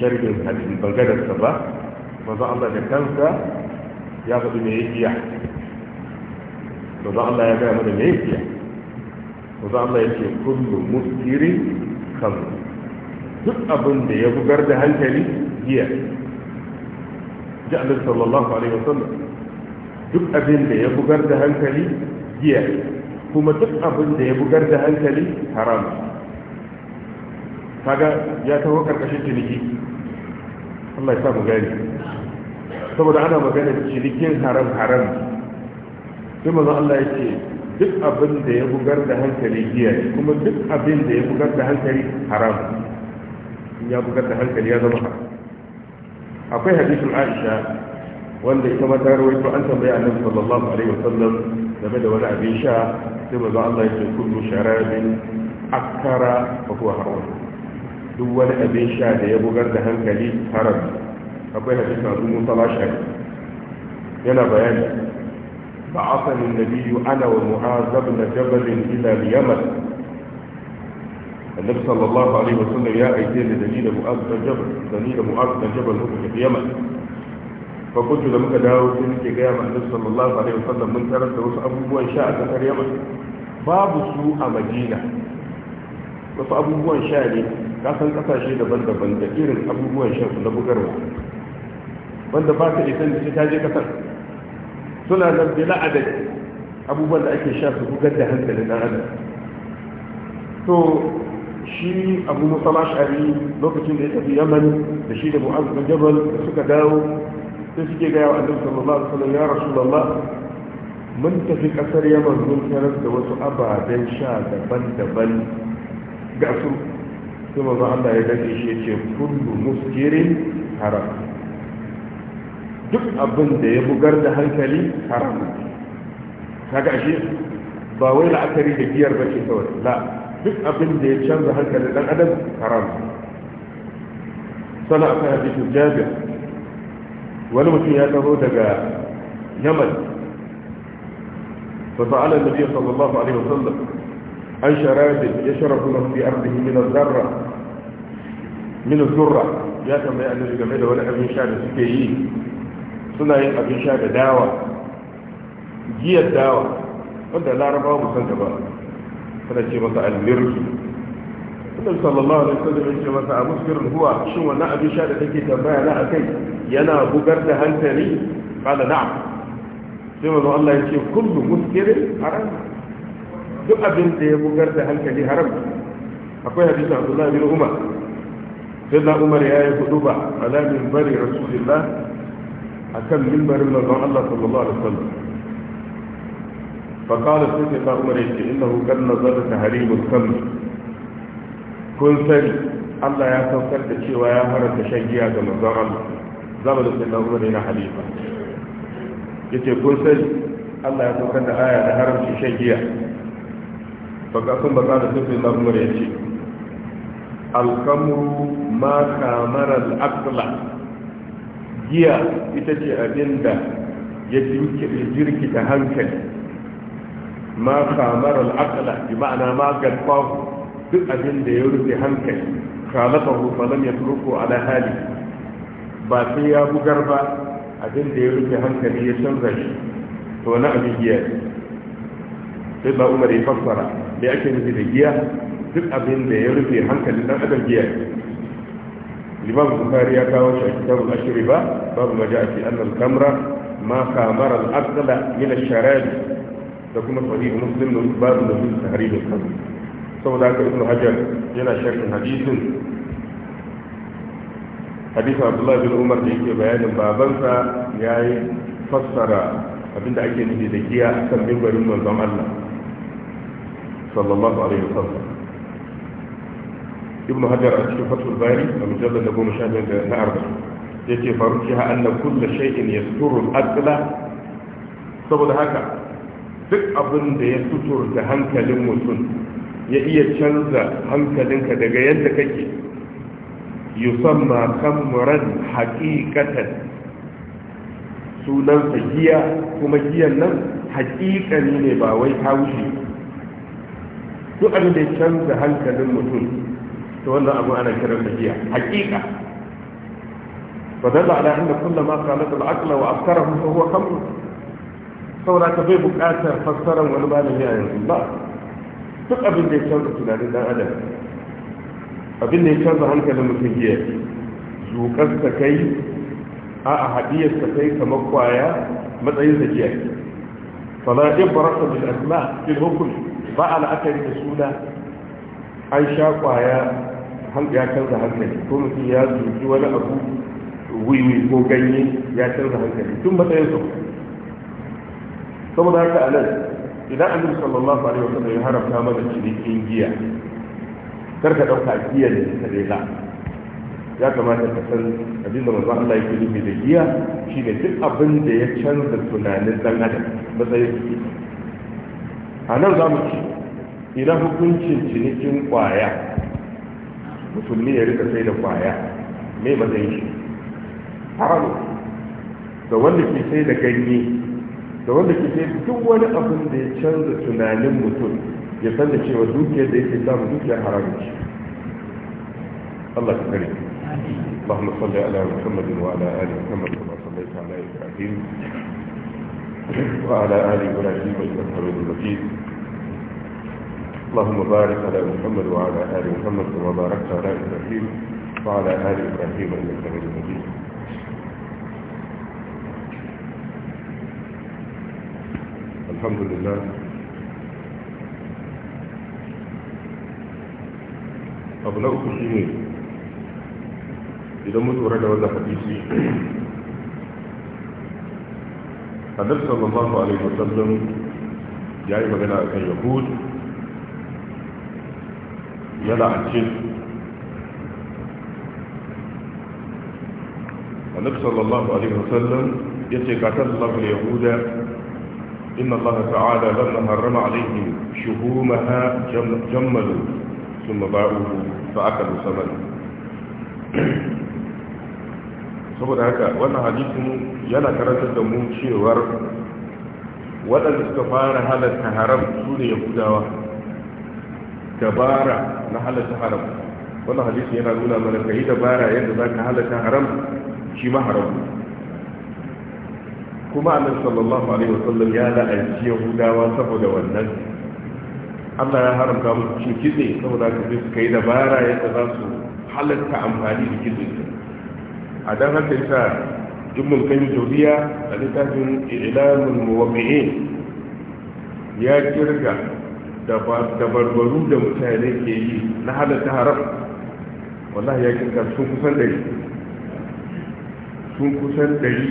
[SPEAKER 1] شرق الحديث بلغد الصباح فضع الله لكالك ياخذ من يحيى فضع الله يكالك من يحيى وضع الله يكالك كل مسكر خمر duk abin da ya bugar da hankali giya ji Allah sallallahu alaihi wasallam duk abin da ya bugar da hankali giya kuma duk abin da ya bugar da hankali haram kaga ya taho karkashin ciniki Allah ya sa mu gani saboda ana magana cinikin haram haram sai manzo Allah ya ce duk abin da ya bugar da hankali giya kuma duk abin da ya bugar da hankali haram ya bugar da hankali ya zama akwai hadisin aisha wanda ita ma ta rawaito an tambaye annabi sallallahu alaihi wasallam game da wani abin sha sai manzo Allah ya ce kullu sharabin akara fa huwa haram duk wani abin sha da ya bugar da hankali haram akwai hadisin Abu Musa al-Ashari yana bayani ba'athani an-nabiyyu ana wa mu'az na jabal ila al النبي صلى الله عليه وسلم يا أيتين دليل مؤاذ جبل دليل مؤاذ جبل هو في اليمن فقلت لما داو سنك قيام النبي صلى الله عليه وسلم من ترى دوس أبوبوان شاء كثر يمن باب سوء مدينة wasu abubuwan sha ne kasan kasashe daban-daban da irin abubuwan sha na bugarwa wanda ba ka isan da ta je kasar suna nan bila abubuwan da ake sha su bugar da hankalin dan adam to shi abu musa mashari lokacin da ya tafi yaman da shi da mu'az bin jabal da suka dawo sai suke gaya wa annabi sallallahu alaihi wasallam ya rasulullah mun tafi kasar yaman mun tarar da wasu ababen sha daban-daban ga su sai manzo Allah ya dace shi ce, kullu muskirin haram duk abin da ya bugar da hankali haram kaga shi ba wai la'akari da biyar bace kawai la duk abin da ya canza hankalin dan adam haram sana akan hadisin jabi wani mutum ya taho daga yaman فسأل النبي صلى الله عليه وسلم عن شراب يشرب له في أرضه من الذرة من الذرة ya tambaya annabi game da wani abin sha da suke yi suna yin abin sha da dawa giyar dawa wanda larabawa musan ba suna ce masa almirki annabi sallallahu alaihi wasallam ce masa a muskirin huwa shin wannan abin sha da take tambaya na akai yana bugar da hankali qala na'am sai manzo Allah ce kullu muskirin haram duk abin da ya bugar da hankali haram akwai hadisin Abdullah bin Umar sai da Umar ya yi huduba ala minbari Rasulullah akan minbarin manzon Allah sallallahu alaihi wasallam fakala sai ta kamar yake inda hukar nazar da harimun kan kun sani allah ya saukar da cewa ya haranta shagiya ga mazaran zama da sai lamar yana halifa ya ce kun allah ya saukar da haya da haramci shagiya fakasun ba za da sai lamar ya ce alkamuru ma kamara al'akla giya ita ce abinda ya jirkita hankali ma kamar al'aqla bi ma'ana ma gadfahu duk abin da ya rufe hankali khalaqahu ya yatruku ala hali ba sai ya bugar ba abin da ya rufe hankali ya canza shi to na abin giya sai ba umar ya fassara da ake nufi da giya duk abin da ya rufe hankali dan adam giya الإمام البخاري يقول في ba. Babu باب ما جاء في أن الخمر ما خامر العقل من الشراب da kuma da muslim da babu da su tahrir al-qadr saboda haka ibnu hajar yana sharhin hadisin hadisin abdullahi bin umar da yake bayanin babansa ya yi fassara abinda ake nufi da giya a kan bimbarin manzon Allah sallallahu alaihi wasallam ibnu hajar a cikin fatul bari a mujallar da goma sha biyar da na arba'in ya ce faruki ha an na kulle shaikin ya suru saboda haka duk abin da ya fitur da hankalin mutum ya iya canza hankalinka daga yadda kake yusamma kamran haqiqatan sunan giya kuma giyan nan haƙiƙani ne ba wai ta duk abin da ya canza hankalin mutum to wannan abu ana kiran da
[SPEAKER 2] giya haƙiƙa
[SPEAKER 1] فدل على أن كل ما خالف العقل وأفكره فهو خمر saura ka bai bukatar fassarar wani malami a yanzu ba duk abin da ya canza tunanin dan adam abin da ya canza hankalin mutum jiya zukar ta kai a a hadiyar ta kai kamar kwaya matsayin da jiya fala ibrasa bil asma fil hukm ba ala akari da suna an sha kwaya ya canza hankali ko mutum ya zuci wani abu wiwi ko ganye ya canza hankali tun
[SPEAKER 2] matsayin sa
[SPEAKER 1] saboda haka a nan idan annabi sallallahu alaihi wasallam ya haramta mana cinikin giya kar ka dauka giya ne ta dela ya kamata ka san abinda manzo Allah yake nufi da giya shi ne duk abin da ya canza tunanin dan adam matsayin a nan za mu ci idan hukuncin cinikin kwaya musulmi ya rika sai da kwaya mai matsayin shi haramu da wanda ke sai da ganye da wanda ke sai duk wani abin da ya canza tunanin mutum ya san da cewa dukiyar da yake samu dukiyar ce Allah ka kare اللهم صل على محمد وعلى آل محمد كما صليت على إبراهيم وعلى آل إبراهيم إنك حميد مجيد اللهم بارك على محمد وعلى آل محمد كما باركت على إبراهيم وعلى آل إبراهيم إنك حميد مجيد الحمد لله قبل أبلغ كسيني إذا مدت ورد ولا حديثي النبي صلى الله عليه وسلم جاي مغنى أن يقول يلا أجل النبي صلى الله عليه وسلم يتكاتل الله اليهود إن الله تعالى لما حرم عليهم شهومها جملوا ثم باعوه فأكلوا ثمنه saboda haka wannan hadisin yana karantar da mu cewar waɗanda suka fara halatta haram su ne yahudawa dabara na halatta haram wannan hadisin yana nuna mana ka yi dabara yadda za ka halatta haram shi ma haram kuma annabi sallallahu alaihi wasallam ya la'anci yahudawa saboda wannan Allah ya haramta musu cin kitse saboda ka bi su kai dabara yadda za su halatta amfani da kitse a dan haka yasa ibn qayyim jawziya a littafin ilamul muwaqqi'in ya kirga dabarbaru da mutane ke yi na halatta haram wallahi ya kirga sun kusan dari sun kusan dari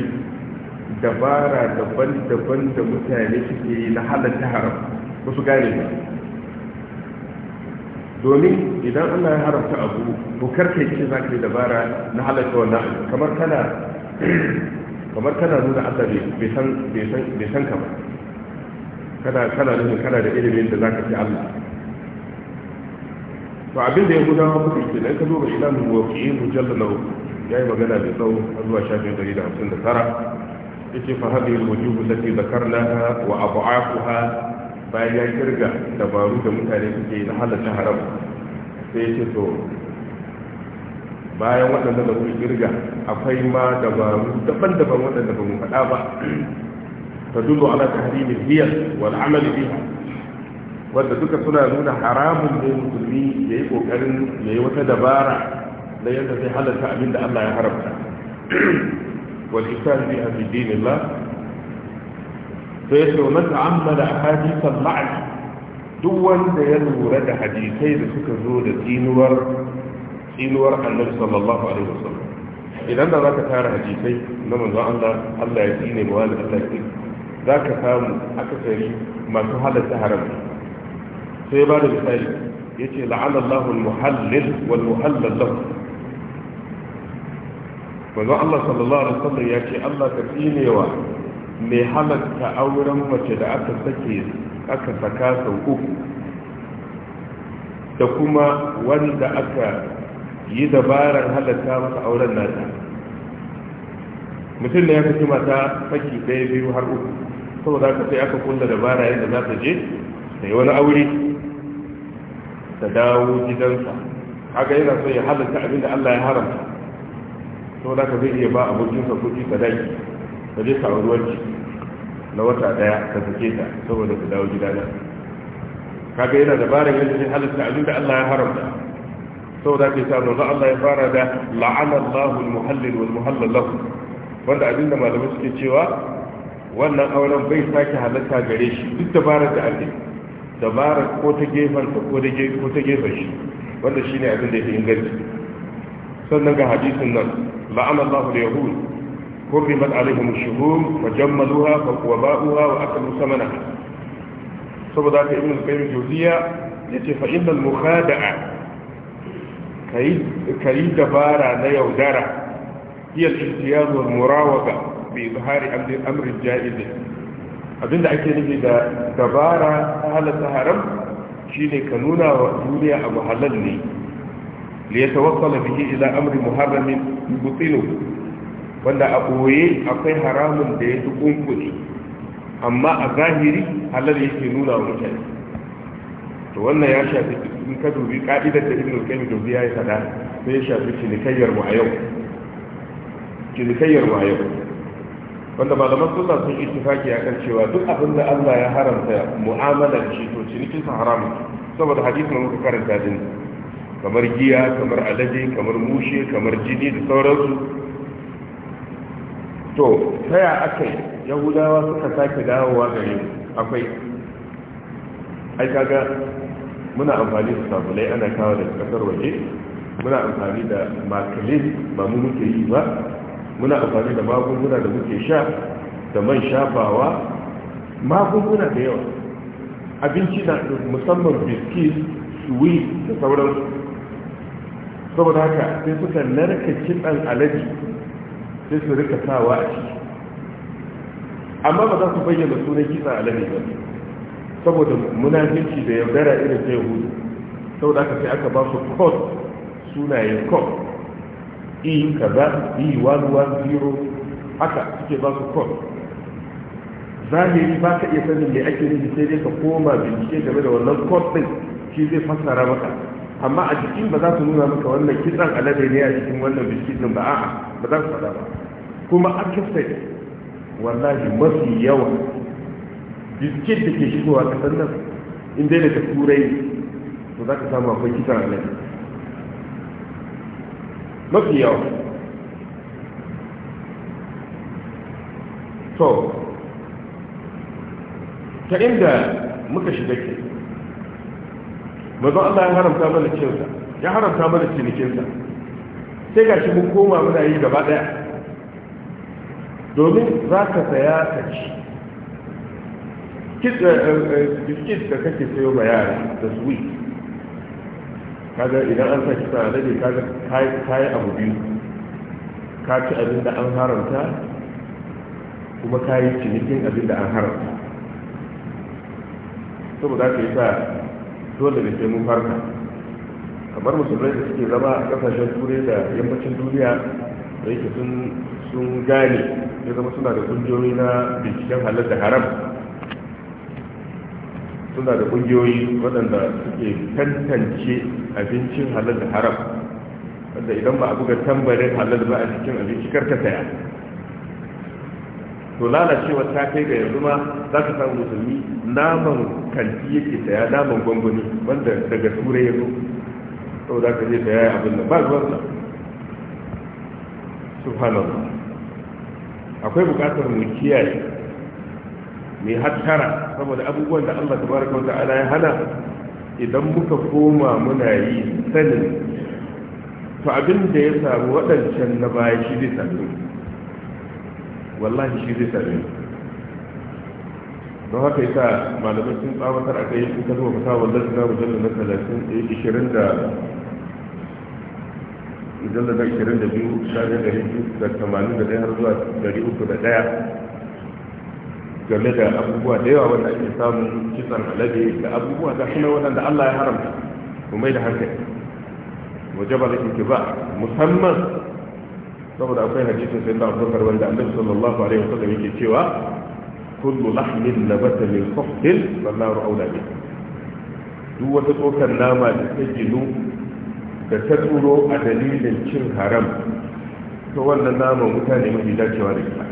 [SPEAKER 1] dabara daban-daban da mutane suke yi na halatta haram ba su gane ba domin idan allah ya haramta abu bukar kai ce za ka yi dabara na halatta wannan kamar kana kamar kana nuna allah bai san ka ba kana kana nuna kana da ilimin da za ka ci allah to abin da ya gudanar kuka ke nan ka zo ga ilamin waki'in mujallar na uku ya yi magana mai tsawo zuwa shafin 159 yace fa hadhihi alwujuh allati dhakarnaha wa ad'afuha bayan ya kirga dabaru da mutane suke na halatta haram sai yace to bayan waɗanda da kuma kirga akwai ma dabaru daban-daban waɗanda ba mu faɗa ba تدل على تحريم الهيل والعمل biyar. wanda duka suna nuna haramun ne musulmi ya yi kokarin ya yi wata dabara na yadda zai halatta abin da Allah ya haramta والإتيان بها في دين الله فيسر نتعمل حديث المعنى دول ينور حديثين da زود الإنور da النبي صلى الله عليه وسلم idan da za ka tara hajjisai na manzo Allah Allah ya yi ne ba wani ka samu akasari masu halatta haramta sai ba da misali ya ce la'ana Allahun muhallil wal muhallal lahu manzon Allah sallallahu alaihi wasallam ya ce Allah ka tsinewa mai halatta auren mace da aka sake aka saka sau uku da kuma wanda aka yi dabarar halatta masa auren nata mutum da ya kashe mata saki ɗaya biyu har uku saboda aka sai aka kulla dabara yadda za ta je da yi wani aure ta dawo gidansa haka yana so ya halatta abin da Allah ya haramta Sau da ka zai iya ba abokinsa kuɗi ka dai ka je ka auri na wata daya ka sake ta saboda ka dawo gida na kaga yana dabarar yadda zai halitta abin da Allah ya haramta saboda ke sa manzo Allah ya fara da la'ana Allahu al-muhallil wal muhallal lahu wanda abin da malamai suke cewa wannan auren bai sake halitta gare shi duk dabarar da ake dabarar ko ta gefen ta ko da ko ta gefen shi wanda shine abin da yake inganci sannan ga hadisin nan لعن الله اليهود كرمت عليهم الشهوم وجملوها وقوباؤها وأكلوا ثمنها سبب ذلك ابن القيم الجوزية يتي فإن المخادعة كي دبارة ليودارة هي الامتياز والمراوغة بإظهار أمر الجائز أبن دعك نجي دبارة أهل الزهرم شيني كنونا وجوليا أبو liyatawassala bihi ila amri muharramin yubtilu wanda a boye akwai haramun da ya tukunkune amma a zahiri halal yake nuna wa mutane to wannan ya shafi in ka dubi ka'idar da ibn al-qayyim dubi ya fada sai ya shafi cinikayyar mu a yau cinikayyar mu a yau wanda malaman sunna sun ittifaki akan cewa duk abin da Allah ya haramta mu'amalar shi to cinikin sa haramun saboda hadisin da karanta din kamar giya kamar alade kamar mushe kamar jini da sauransu to taya aka yi yahudawa suka sake dawowa gare akwai ai ga muna amfani da sabulai ana kawo da kasar waje muna amfani da makilin ba mu muke yi ba muna amfani da magunguna da muke sha da man shafawa magunguna da yawa abinci na musamman biskit suwi da sauransu saboda haka sai suka narka kitsan alaji sai su rika sawa a ciki amma ba za su bayyana sunan kitsan alaji ba saboda munafinci da yaudara irin ta yahudu saboda haka sai aka ba su kod sunayen kod e kaza e zero haka suke ba su kod zahiri ba ka iya sanin mai ake nufi sai dai ka koma bincike game da wannan kod din shi zai fassara maka amma a cikin ba za su nuna maka wannan kitsan alade ne a cikin wannan biskitin ba a'a ba za su faɗa ba kuma a kasai wallahi mafi yawa biskit da ke shigowa a ƙasar nan in dai daga turai to za ka samu akwai kitsan alade mafi yawa to ta inda muka shiga ke mazo Allah ya haramta mana cinsa ya haramta mana cinikinsa sai gashi mun koma muna yi gaba ɗaya. domin za ka saya ka ci eh, eh, eh, biskit da kake sayo ma yara da sweet kaga idan an saki sa rage kaga kayi abu biyu ka ci abin da an haramta kuma ka cinikin abin da an haramta saboda ka yi sa dole ne sai mun farka kamar musulmai da suke zama a kasashen turai da yammacin duniya da yake sun sun gane ya zama suna da kungiyoyi na binciken halar da haram suna da kungiyoyi waɗanda suke tantance abincin halar da haram wanda idan ba a buga tambarin halar ba a cikin abinci karkata ya to lalacewa ta kai ga yanzu ma za ka samu musulmi naman kanti yake saya naman gwangwani wanda daga turai ya zo to za ka je ta yaya abin da ba ruwan sa subhanallah akwai bukatar mu kiyaye mai hattara saboda abubuwan da Allah tabaraka wa ta'ala ya hana idan muka koma muna yi sanin to abin da ya samu waɗancan na baya shi zai sami wallahi shi zai same mu don haka sa malamai sun tsawatar a kai in ka zo fasa wallahi na mujalla na talatin eh, da yake shirin da mujalla na shirin da biyu shafi ɗari biyu da tamanin da ɗaya har zuwa dari uku da ɗaya game da abubuwa da yawa wanda ake samun kisan alade da abubuwa da kuma waɗanda Allah ya haramta kuma mai da hankali ba da ba musamman saboda akwai hadisin sai da abubakar wanda annabi sallallahu alaihi wasallam yake cewa kullu lahmin nabata min sahtin wallahu aula bi duk wata tsokar nama da ta ginu da ta tsoro a dalilin cin haram to wannan nama mutane mafi dacewa da ita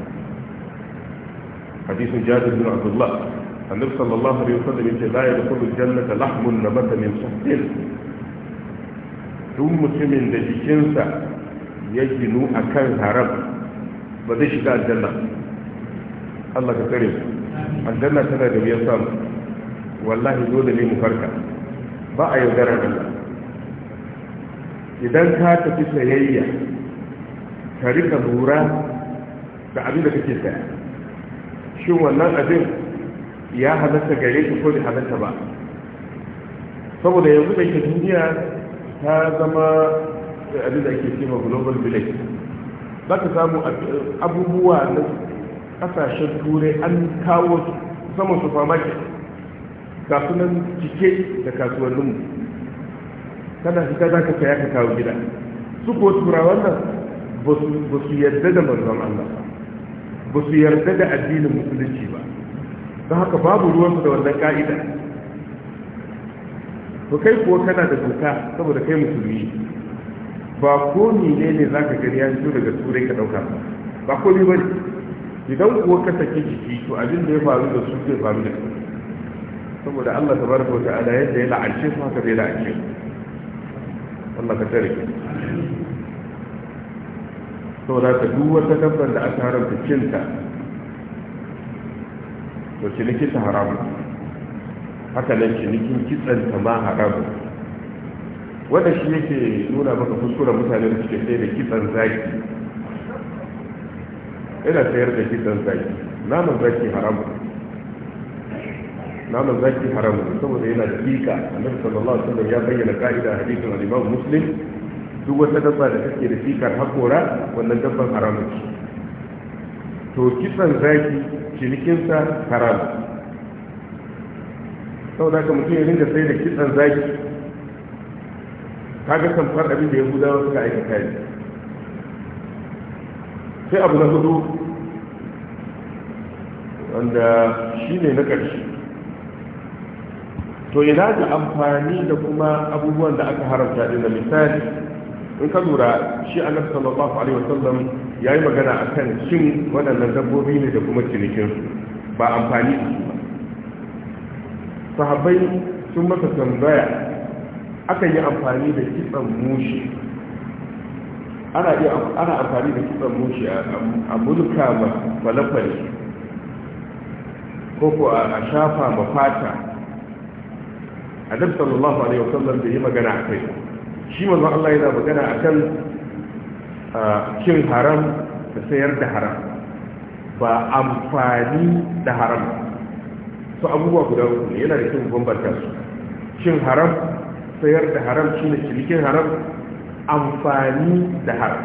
[SPEAKER 1] hadisin jabir bin abdullah annabi sallallahu alaihi wasallam yake la yadkhulu jannata lahmun nabata min sahtin duk mutumin da jikinsa ya ginu a kan haram ba zai shiga aljanna Allah ka tsare aljanna tana da wuyan samu wallahi dole ne mu farka ba a yaudarar Allah idan ka tafi sayayya ka rika lura da abin da kake saya shin wannan abin ya halatta gare ka ko da halatta ba saboda yanzu da ke duniya ta zama abin da ake cewa global village za ka samu abubuwa na kasashen turai an kawo su saman supermarket kasunan cike da kasuwanninmu kana shiga za ka saya ka kawo gida su ko turawan nan ba su yarda da manzon Allah ba su yarda da addinin musulunci ba don haka babu ruwansu da wannan ka'ida to kai kuwa kana da doka saboda kai musulmi ba ko ne ne za ka gari ya fito daga turai ka ɗauka ba ko ne ba ne idan kuwa ka saki jiki to abin da ya faru da su zai faru da saboda Allah ta baraka a ta'ala yadda ya la'ance su haka zai la'ance su Allah ka tare ki saboda ka duk wata dabbar da aka haramta cinta to ciniki ta haramu haka nan cinikin kitsanta ma haramu wanda shi yake nuna maka kuskuren mutane da suke sai da kitsan zaki ina sayar da kitsan zaki naman zaki haram naman zaki haram saboda yana da fika annabi sallallahu alaihi wasallam ya bayyana ka'ida hadisin al-Imam Muslim duk wata dabba da take da fikar hakora wannan dabban haram ce to kitsan zaki cinikinsa haram saboda haka mutum ya ringa sai da kitsan zaki kaga tamfar abin da ya yahudawa suka aikata ne sai abu na hudu wanda shi ne na ƙarshe to ina da amfani da kuma abubuwan da aka haramta ɗin da misali in ka lura shi annabi sallallahu alaihi wasallam ya yi magana a kan cin waɗannan dabbobi ne da kuma cinikinsu ba amfani da su ba sahabbai sun masa tambaya aka yi amfani da kitsan mushi ana amfani da kitsan mushi a mulka ba falafari ko ko a shafa ba fata annabi sallallahu alaihi wasallam da yi magana a kai shi manzo Allah yana magana akan cin haram da sayar da haram ba amfani da haram su abubuwa guda uku yana da kyau bambanta su cin haram sayar da haram shi ne cinikin haram amfani da haram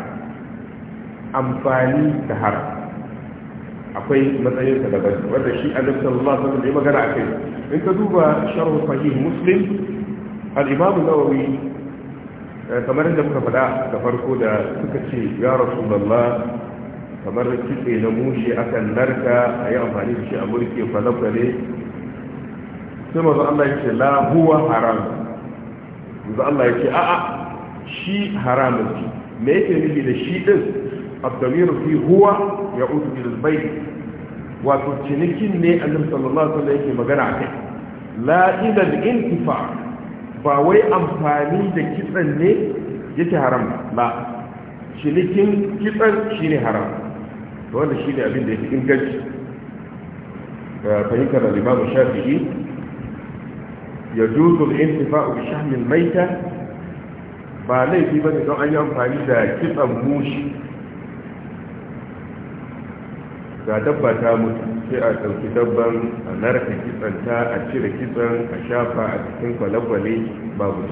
[SPEAKER 1] amfani da haram akwai matsayinsa daban wanda shi annabi sallallahu alaihi wasallam ya magana kai in ka duba sharh sahih muslim al-imam nawawi eh, kamar da muka faɗa da farko da suka ce ya rasulullah kamar kitse na mushi akan narka a yi amfani da shi a mulki falafale sai mazu Allah ya ce la huwa haram yanzu Allah ya ce a'a shi haramun ki me yake nufi da shi din abdamiru fi huwa ya'udu ila al-bayt wato cinikin ne annabi sallallahu alaihi wasallam yake magana akai la ila al-intifa ba wai amfani da kitsan ne yake haram ba cinikin kitsan shine haram to wanda shine abin da yake inganci fahimtar al-imam shafi'i ya juzu intifa'u bi shahmil maita ba laifi bane don an yi amfani da kitson mushi ga dabba ta mutu sai a ɗauki dabban a narka kitsanta a cire kitson, a shafa a cikin kwale-kwale babu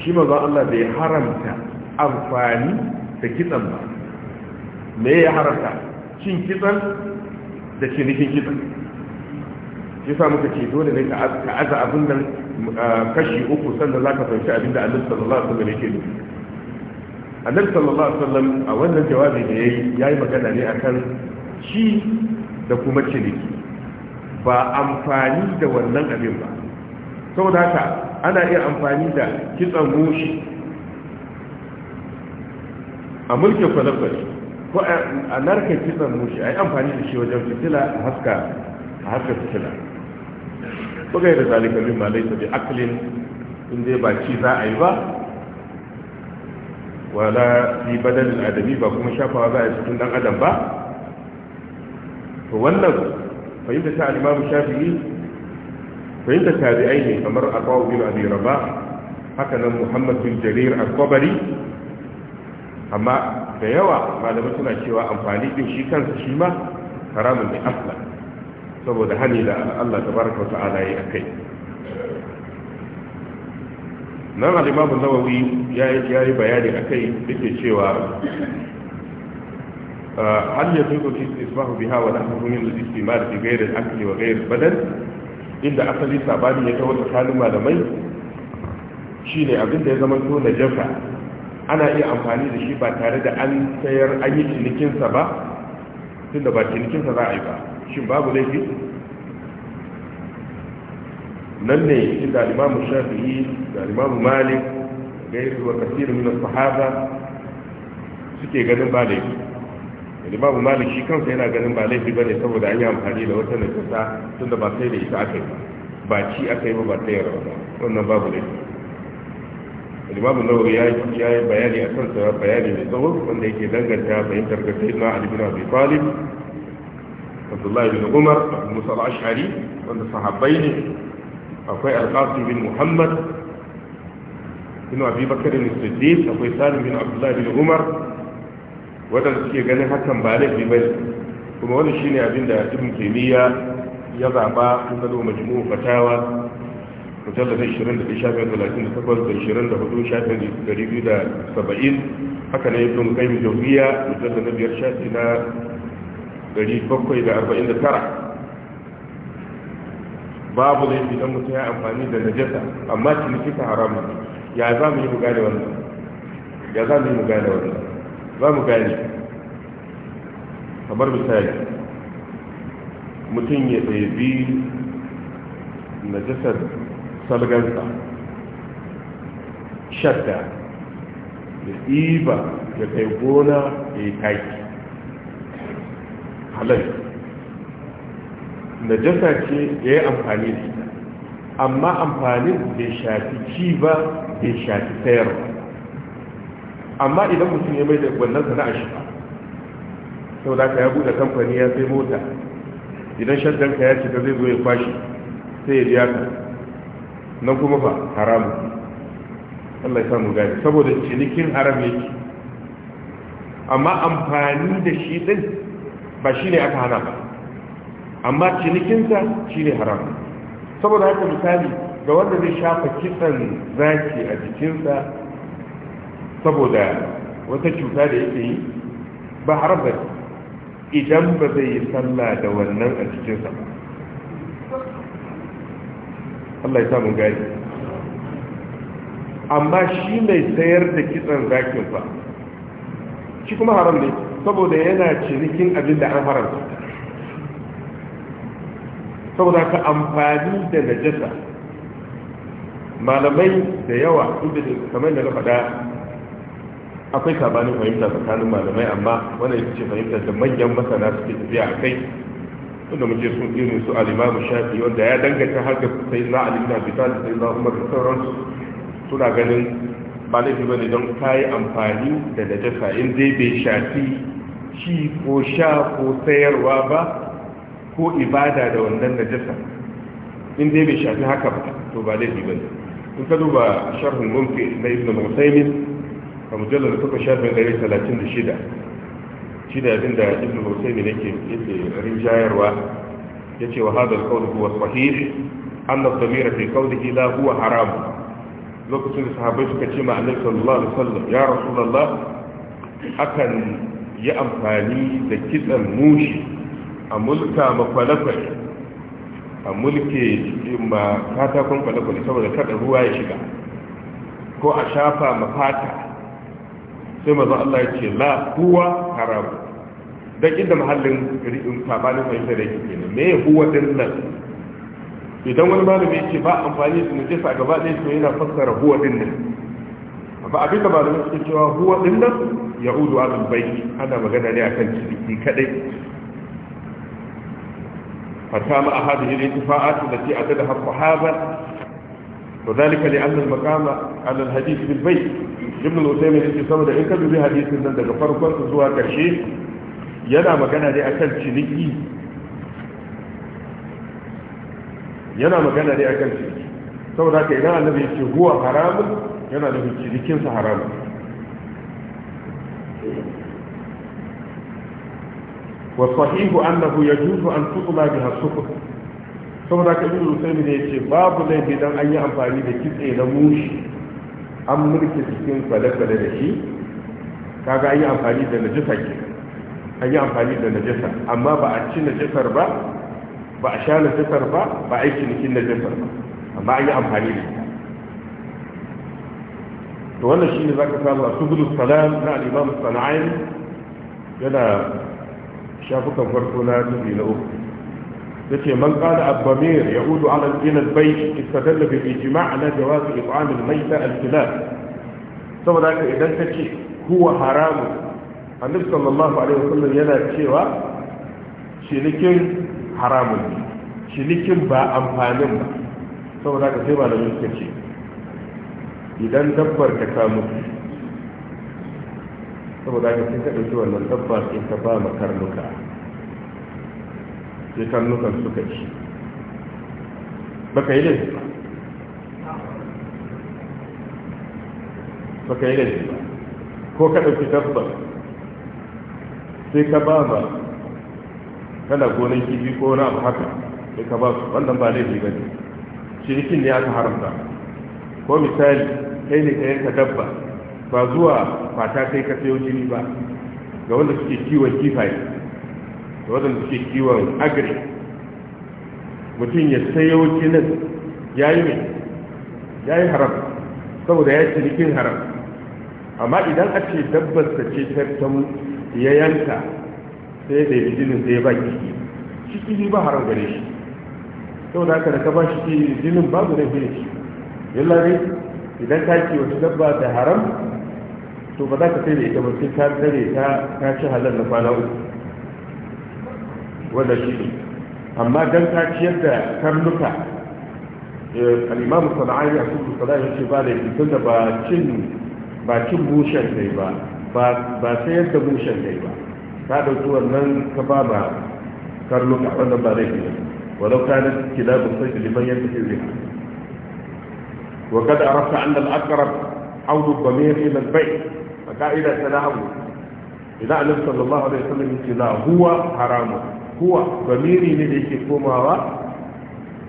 [SPEAKER 1] shi maza Allah bai haramta amfani da kitsan ba me ya haramta cin kitson da cinikin kitsan yasa muka ce dole ne ka aza abin nan kashi uku sannan za ka fahimci abin da Annabi sallallahu alaihi wasallam yake nufi Annabi sallallahu alaihi wasallam a wannan jawabi da yayi yayi magana ne akan ci da kuma ciniki ba amfani da wannan abin ba saboda haka ana iya amfani da kitsan mushi a mulkin kwalabar, ko a narka kitsan mushi a yi amfani da shi wajen fitila a haska fitila ko da zalika min ma laysa bi aqlin in dai ba ci za a yi ba wala fi badal adami ba kuma shafawa za a cikin dan adam ba to wannan fahimta ta al-imam shafi'i fahimta tabi'ai ne kamar aqwa bin abi rabah haka nan muhammad bin jarir al-qabari amma da yawa malamai suna cewa amfani din shi kansa shi ma haramun ne aslan saboda hani da Allah tabaraka wa ta'ala ya kai nan al-imam an-nawawi yayi yayi bayani akai yake cewa ah, hal yajuzu al biha wa nahwu min al-istimar fi ghayr al-akli wa ghayr badan inda asali sabani ya tawo tsakanin malamai shine abin ya zama to jafa ana iya amfani da shi ba tare da an sayar an yi cinikinsa ba tunda ba cinikinsa za a yi ba shin babu laifi nan ne inda alimamu shafi'i da alimamu malik gairu wa kasirin min sahaba suke ganin ba laifi alimamu malik shi kansa yana ganin ba laifi bane saboda an yi amfani da wata najasa tunda ba sai da ita aka yi ba ci aka yi ba ba sayarwa ba wannan babu laifi imamu nawawi ya yi bayani a kansa bayani mai tsawo wanda yake danganta fahimtar ga sayyidina ali bin abi talib abdullahi bin umar abu musa al-ash'ari wanda sahabbai ne akwai al-qasim bin muhammad akwai salim bin abdullahi bin umar
[SPEAKER 2] wadanda suke ganin hakan ba laifi ba kuma wani shine abin da ibn ya zaba in ka zo majmu'u fatawa
[SPEAKER 1] mujallar 20 shafin 38 da 24 shafin 270 haka ne ibn qayyim jawziya mujallar na biyar shafi na 749 babu laifi don mutum ya amfani da najasa amma ciniki ta haramun ya za mu yi mu gane wannan ya za mu yi mu gane wannan za mu gane kamar misali mutum ya ɗabi najasar salgansa shadda da iba ya kai gona ya yi taki halal najasa ce ya yi amfani da ita amma amfanin bai shafi ci ba bai shafi sayarwa amma idan mutum ya mai da wannan sana'a shi ba sau da ka ya bude kamfani ya sai mota idan shaddanka ya ta zai zo ya kwashi sai ya biya ka nan kuma ba haramu Allah ya samu gani saboda cinikin haram yake amma amfani da shi din ba shi ne aka hana ba amma cinikinsa shi ne haram saboda haka misali ga wanda zai shafa kitsan zaki a jikinsa saboda wata cuta da yake yi ba haram ba idan ba zai yi sallah da wannan a jikinsa ba Allah ya samun gari. amma shi mai sayar da kitsan zakin fa shi kuma haram ne saboda yana cinikin abin da an haramta saboda ka amfani da najasa malamai da yawa inda da kamar da na faɗa akwai sabanin fahimta tsakanin malamai amma wanda yake ce fahimta da manyan masana suke tafiya a kai tunda mun je sun irin su alimamu shafi wanda ya danganta har da sai na bita da sai na umar da sauransu suna ganin ba laifi ba ne don kayi amfani da najasa in dai bai shafi ci ko sha ko sayarwa ba ko ibada da wannan najasa in dai bai shafi haka ba to ba laifi ba ne in ka duba sharhun mumfi na ibn musaimin a mujallar da suka shafi ɗari talatin da shida shi da abin da ibn musaimin yake yake rinjayarwa ya ce wa hadal kawai huwa sahih an da samira fi kawai la huwa haramu lokacin da sahabbai suka ce ma annabi sallallahu alaihi wasallam ya rasulullah akan yi amfani da kitsan mushi a mulka ma makwalakwai a mulke ma katakon kwalakwai saboda kada ruwa ya shiga ko a shafa ma fata. sai mazu Allah ya ce la huwa haram don inda mahallin sabanin mai da yake ne me huwa din nan idan wani malami yake ba amfani da najasa gaba ɗaya to yana fassara huwa din nan ba abin da malamai suke cewa huwa din nan ya udu abin bai ana magana ne akan ciniki kadai fata ma a hadin yin intifa'atu da ce a da haɓɓa haɓar وذلك لأن المقام على الحديث بالبيت ابن الوسيمين يجي saboda in ka dubi hadisin nan daga farkon zuwa ƙarshe yana magana ne akan ciniki yana magana ne akan ciniki saboda haka idan annabi ya ce huwa haramun yana nufin cinikinsa haramun والصحيح annahu يجوز an تطلى بها السفر saboda ka ibn usaimi ne ya ce babu laifi dan an yi amfani da kitse na mushi an mulki cikin kwale-kwale da shi kaga an yi amfani da najasa ke an yi amfani da najasa amma ba a ci najasar ba ba a sha najasar ba ba a yi cinikin najasar ba amma an yi amfani da ita to wannan za ka samu a subul salam na al-imam sana'in yana shafukan farko na dubi na uku Ya ce man qala abamir yaudu ala al-ina al-bayt istadalla bi ijma' ala jawaz it'am al-mayta al-kilab saboda haka idan kace huwa haramu annabi sallallahu alaihi wasallam yana cewa cinikin haramun ne cinikin ba amfanin ba saboda ka sai malamin suka ce idan dabbar ka ta mutu saboda ka sai kaɗa ɗauki wannan dabba sai ka ba ma karnuka sai karnukan suka ci baka yi laifi ba baka yi laifi ba ko kaɗa ɗauki dabba sai ka ba ma kana gonan kifi ko wani abu haka sai ka ba su wannan ba laifi ba ne cinikin ne aka haramta ko misali kai ne ka yanka dabba ba zuwa fata kai ka sayo jini ba ga wanda suke kiwon kifaye ga wanda suke kiwon agri mutum ya sayo jinin ya yi mai ya yi haram saboda ya cinikin haram amma idan a ce ta ce ta ya yanka sai da yi jinin sai ya ba kiki shi kiki ba haram gare shi sau da haka da ka ba shi kiki jinin babu na fiye shi yalla dai idan ka ki wata dabba da haram to ba za ka sai da ita ba sai ka tare ta ka ci halar na kwana uku wanda shi ne amma dan ka ciyar da karnuka eh, al'imam sana'ayi a kudu sana'a ya ce ba da yi tun da ba cin bushen dai ba ba sayar da bushen dai ba ka dauki nan ka ba ma karnuka wannan ba laifi walau kana kilabu sai liman yantafi biha wa kad arafta anna al-aqrab awdu dhamir ila al-bayt fa qa'ida sanahu idan annabi sallallahu alaihi wasallam yace na huwa haramu huwa dhamiri ne da yake komawa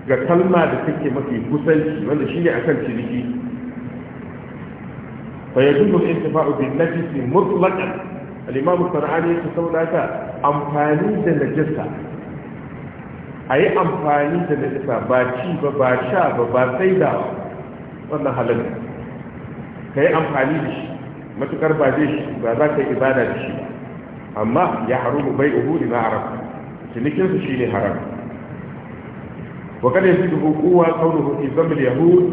[SPEAKER 1] ga kalma da take mafi kusanci wanda shi shine akan ciniki fa yadullu al-intifa'u bin najisi mutlaqan al'imamu sana'ani ya sau da amfani da najasa a yi amfani da najasa ba ci ba ba sha ba ba sai da wannan halin ka yi amfani da shi matukar ba zai shi ba za ka yi ibada da shi amma ya haru mu bai uhu da ma'arab cinikinsu shi ne haram wakar yanzu da hukuwa kaunuhu izamil yahud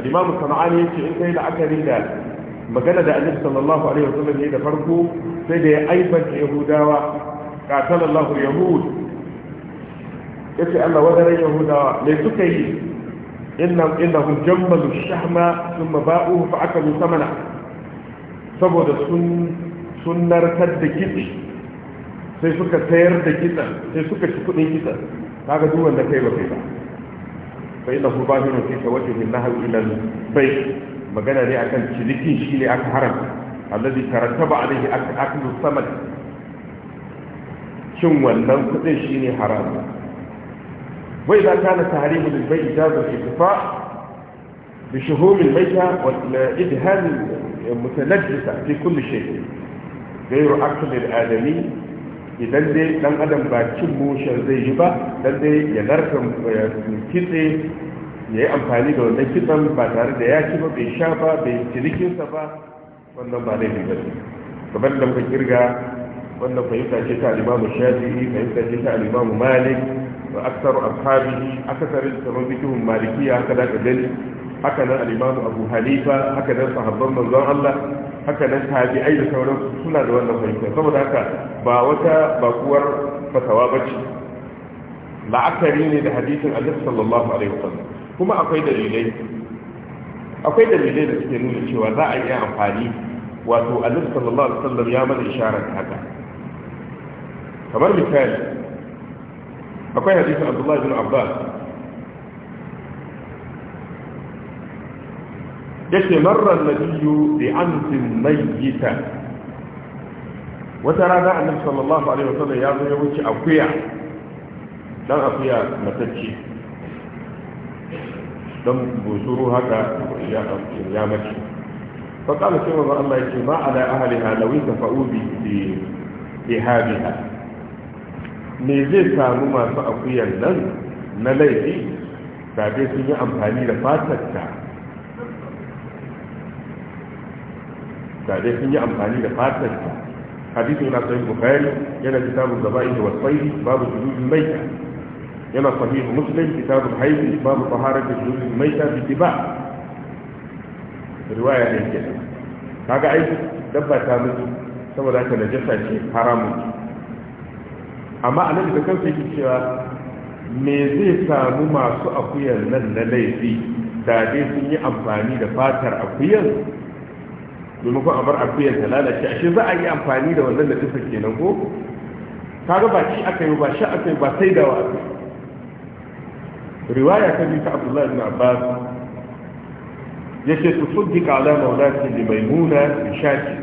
[SPEAKER 1] al'imamu sana'ani ya ce in kai la'akari da magana da annabi sallallahu alaihi wasallam ne da farko sai da ya aibanta yahudawa qatalallahu yahud yace Allah wadaran yahudawa me suka yi inna innahum jammalu shahma thumma ba'uhu fa akalu samana saboda sun sun narkar da kitse sai suka tayar da kitsen sai suka ci kudin kitsen kaga duk wanda kai ba kai ba fa innahu bahirun fi tawajjuhi nahwi ila al-bayt magana ne akan cinikin shi ne aka haram allazi karataba alaihi aklu samad cin wannan kudin shi ne haram wai za ta na tahrimu lil bai jazu ittifa bi shuhum al bayta wa idhal mutanajjisa fi kulli shay gairu akl al adami idan dai dan adam ba cin mushin zai yi ba dan dai ya narka kitse ya yi amfani da wannan kitsan ba tare da ya ci ba bai sha ba bai cinikinsa ba wannan ba laifi ba ne kamar da muka kirga wannan fahimta ce ta alimamu shafi'i fahimta ce ta alimamu malik da aksaru ashabihi akasarin tsaron bikihun malikiya haka da ka gani haka nan alimamu abu halifa haka nan sahabban manzon allah haka nan tabi'ai da sauransu suna da wannan fahimta saboda haka ba wata bakuwar fatawa ce la'akari ne da hadisin annabi sallallahu alaihi wasallam kuma akwai dalilai akwai dalilai da suke nuna cewa za a yi amfani wato annabi sallallahu alaihi wasallam ya mana isharar haka kamar misali akwai hadisin abdullahi bin abbas yake marar nabiyu da amsin mayyita wata rana annabi sallallahu alaihi wasallam ya zo ya wuce akuya dan akuya matacce don busuru haka ya mace faƙala cewa ba Allah ya ce a ala ahali halawi ta fa'ubi bi ihabiha me zai samu masu akuyan nan na laifi da dai sun yi amfani da fatarta da dai sun yi amfani da fatarta hadisi na sahih bukhari yana kitabun zaba'i da wasai babu sujudul mai yana sahihu muslim kitabu haidi babu juri mai ta bi ba riwaya ne ke kaga ai dabba ta mutu saboda da jasa ce haramun amma annabi da kansa yake cewa me zai samu masu akuyar nan na laifi da dai sun yi amfani da fatar akuyar domin kuma bar akuyar ta lalace ashe za a yi amfani da wannan da tufa kenan ko kaga ba shi aka yi ba shi aka yi ba sai da wa رواية كذلك عبد الله بن عباس يشي تصدق على مولاك لميمونة بشاك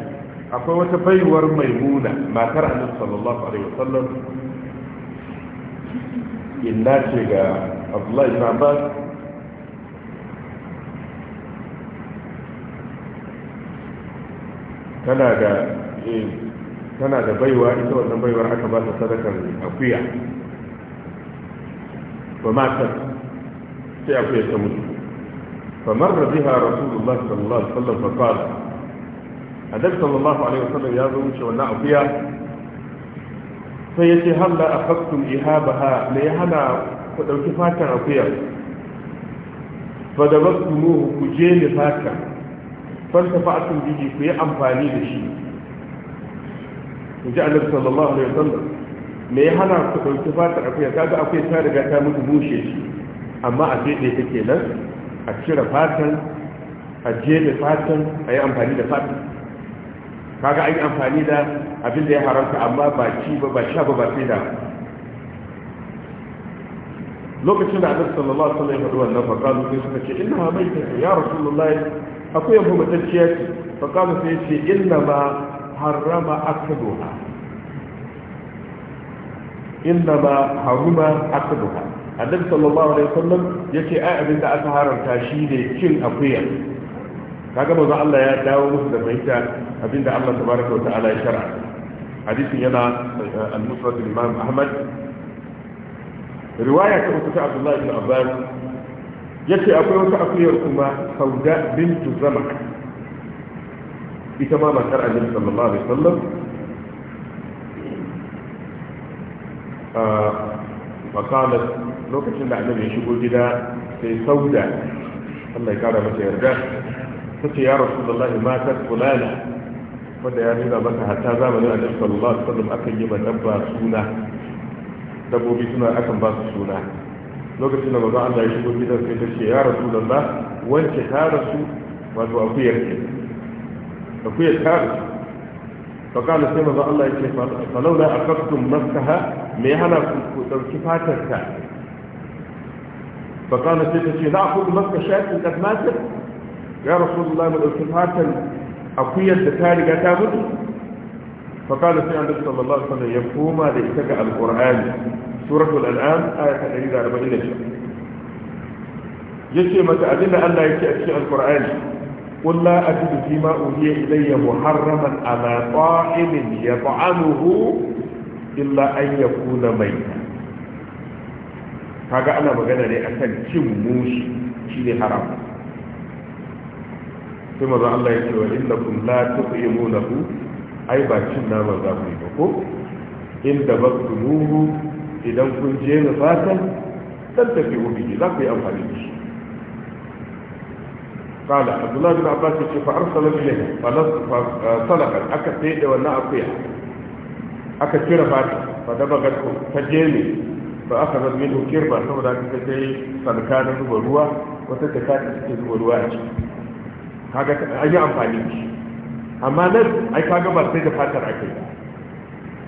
[SPEAKER 1] أقوى وتفيور ميمونة ما ترى النبي صلى الله عليه وسلم الناس يقى عبد الله بن عباس kana ga tana da baiwa ita wannan baiwar aka ba ta sadakar akuya ba ma ta sai akwai ta mutu famar da biha rasulullah sallallahu alaihi wasallam fa qala annabi sallallahu alaihi wasallam ya zo wuce wannan akuya sai ya ce halla akhadtum ihabaha la yahana ku dauki fatar akuyar Ba da basmuhu ku je ni fatar sun bihi ku yi amfani da shi in ji annabi sallallahu alaihi wasallam me ya hana ku dauki fatar akuya kaga akuya ta riga ta mutu bushe shi amma a feɗe ta kenan a cire fatan a jefe fatan a yi amfani da fatan kaga an yi amfani da abin da ya haramta amma ba ci ba ba sha ba ba sai da lokacin da annabi sallallahu alaihi wasallam ya faɗi wannan fa kalu sai suka ce inna mai ta ya rasulullahi akwai yabo matacciya ce fa kalu sai ce inna ma harrama akaduha inna ma haruma akaduha annabi sallallahu alaihi wasallam yace ai abin da aka haranta shine cin akuya kaga manzo Allah ya dawo musu da fahimta abin da Allah tabaraka wa ta'ala ya shar'a hadisin yana eh, al-musnad imam Ahmad riwaya ta uku ta Abdullahi. ibn Abbas yace akwai wata akuyar kuma Sauda bint Zamak ita ma matar Annabi sallallahu alaihi wasallam فقالت ah, lokacin da annabi ya shigo gida sai sauda Allah ya kara mata yarda tace ya rasulullahi ma ta kulala, wanda ya nuna maka hatta zamanin annabi sallallahu alaihi wasallam akan yi manabba suna dabbobi suna akan ba su suna lokacin da manzo Allah ya shigo gida sai ta ce ya rasulullah wance ta rasu wato akuyar ke akuyar ta rasu فقال سيما الله يكفي فلولا أخذتم مسكها ميهنا كنت fakana sai ta ce za a kudu maka shafin kasmatin ya rasu da lamar ɗauki fatan akuyar da ta riga ta mutu fakana sai an da sallallahu alaihi ya koma da ita ga alƙur'ani suratul al'am ayata ɗari da arba'in da ya ce mata abinda allah ya ce a cikin alƙur'ani قل لا أجد فيما أوهي إلي محرما على طائم يطعمه إلا أن يكون ميتا kaga ana magana ne akan cin mushi shine haram sai maza Allah ya ce wa innakum la ku ai ba cin naman za ku yi ba ko inda muru, idan kun je na fatan dan tafi ubi za ku yi amfani da shi Abdullahi ce fa قال عبد الله بن عباس فارسل اليه فصلقت اكا تيده وانا اقيا اكا تيره فاتي فدبغت jeni. Ba aka zan mini kirba saboda aka sai salka na zuba ruwa wata jaka kata suke zuba ruwa a ciki kaga an yi amfani da shi amma nan ai kaga ba sai da fatar aka yi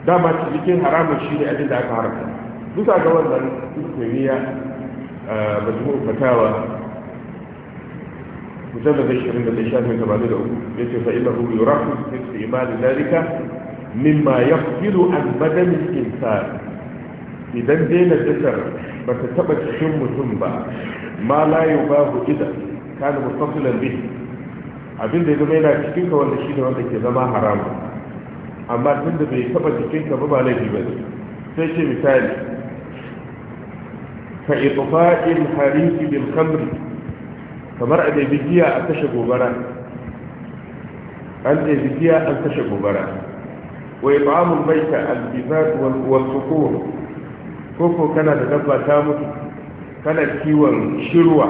[SPEAKER 1] dama cikin haramun shi ne abin da aka haramta bisa ga wannan islamiyya eh, majmu'ul fatawa مجلد 20 شهر 83 ليس فإنه يرخص في استعمال ذلك مما يقتل عن بدن الإنسان idan daina dukar ba ta taɓa cikin mutum ba ma layu babu ida kana mustasilan bi abin da ya zama yana cikin ka wanda ne wanda ke zama haram amma tun da bai taɓa cikin ka ba ba laifi ba ne. sai ce misali ka itfa'il harisi bil khamri kamar a dai bigiya a kashe gobara an dai bigiya an kashe gobara wa it'amul baita al-bizat wal suqur ko ko kana da dabba ta mutu kana kiwon shirwa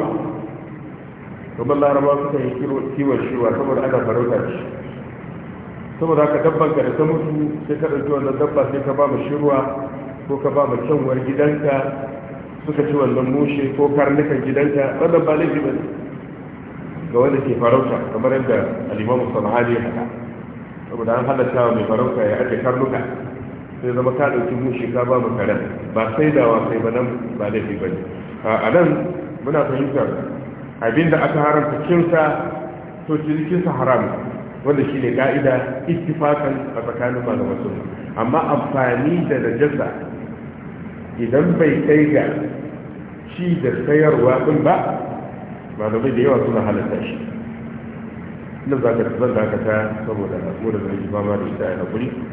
[SPEAKER 1] kuma laraba suka yi kiwon shirwa saboda ana farauta shi saboda haka dabban ka da ta mutu sai ka ɗauki wannan dabba sai ka ba mu shirwa ko ka ba mu canwar gidanka suka ci wannan mushe ko karnukan gidanka wannan ba laifi ba ga wanda ke farauta kamar yadda alimamu sanahari ya haka saboda an halatta mai farauta ya ake karnuka sai zama ka ɗauki mushi ka ba mu karen ba sai da kai ba nan ba laifi ba ne a nan muna fahimtar abinda aka haramta kinsa to cinikinsa haram wanda shi ne ka'ida ittifakan a tsakanin malaman sunna amma amfani da najasa idan bai kai ga ci da sayarwa din ba malamai da yawa suna halatta shi na za ka zan dakata saboda na da zai ba ma da ita ya
[SPEAKER 2] haƙuri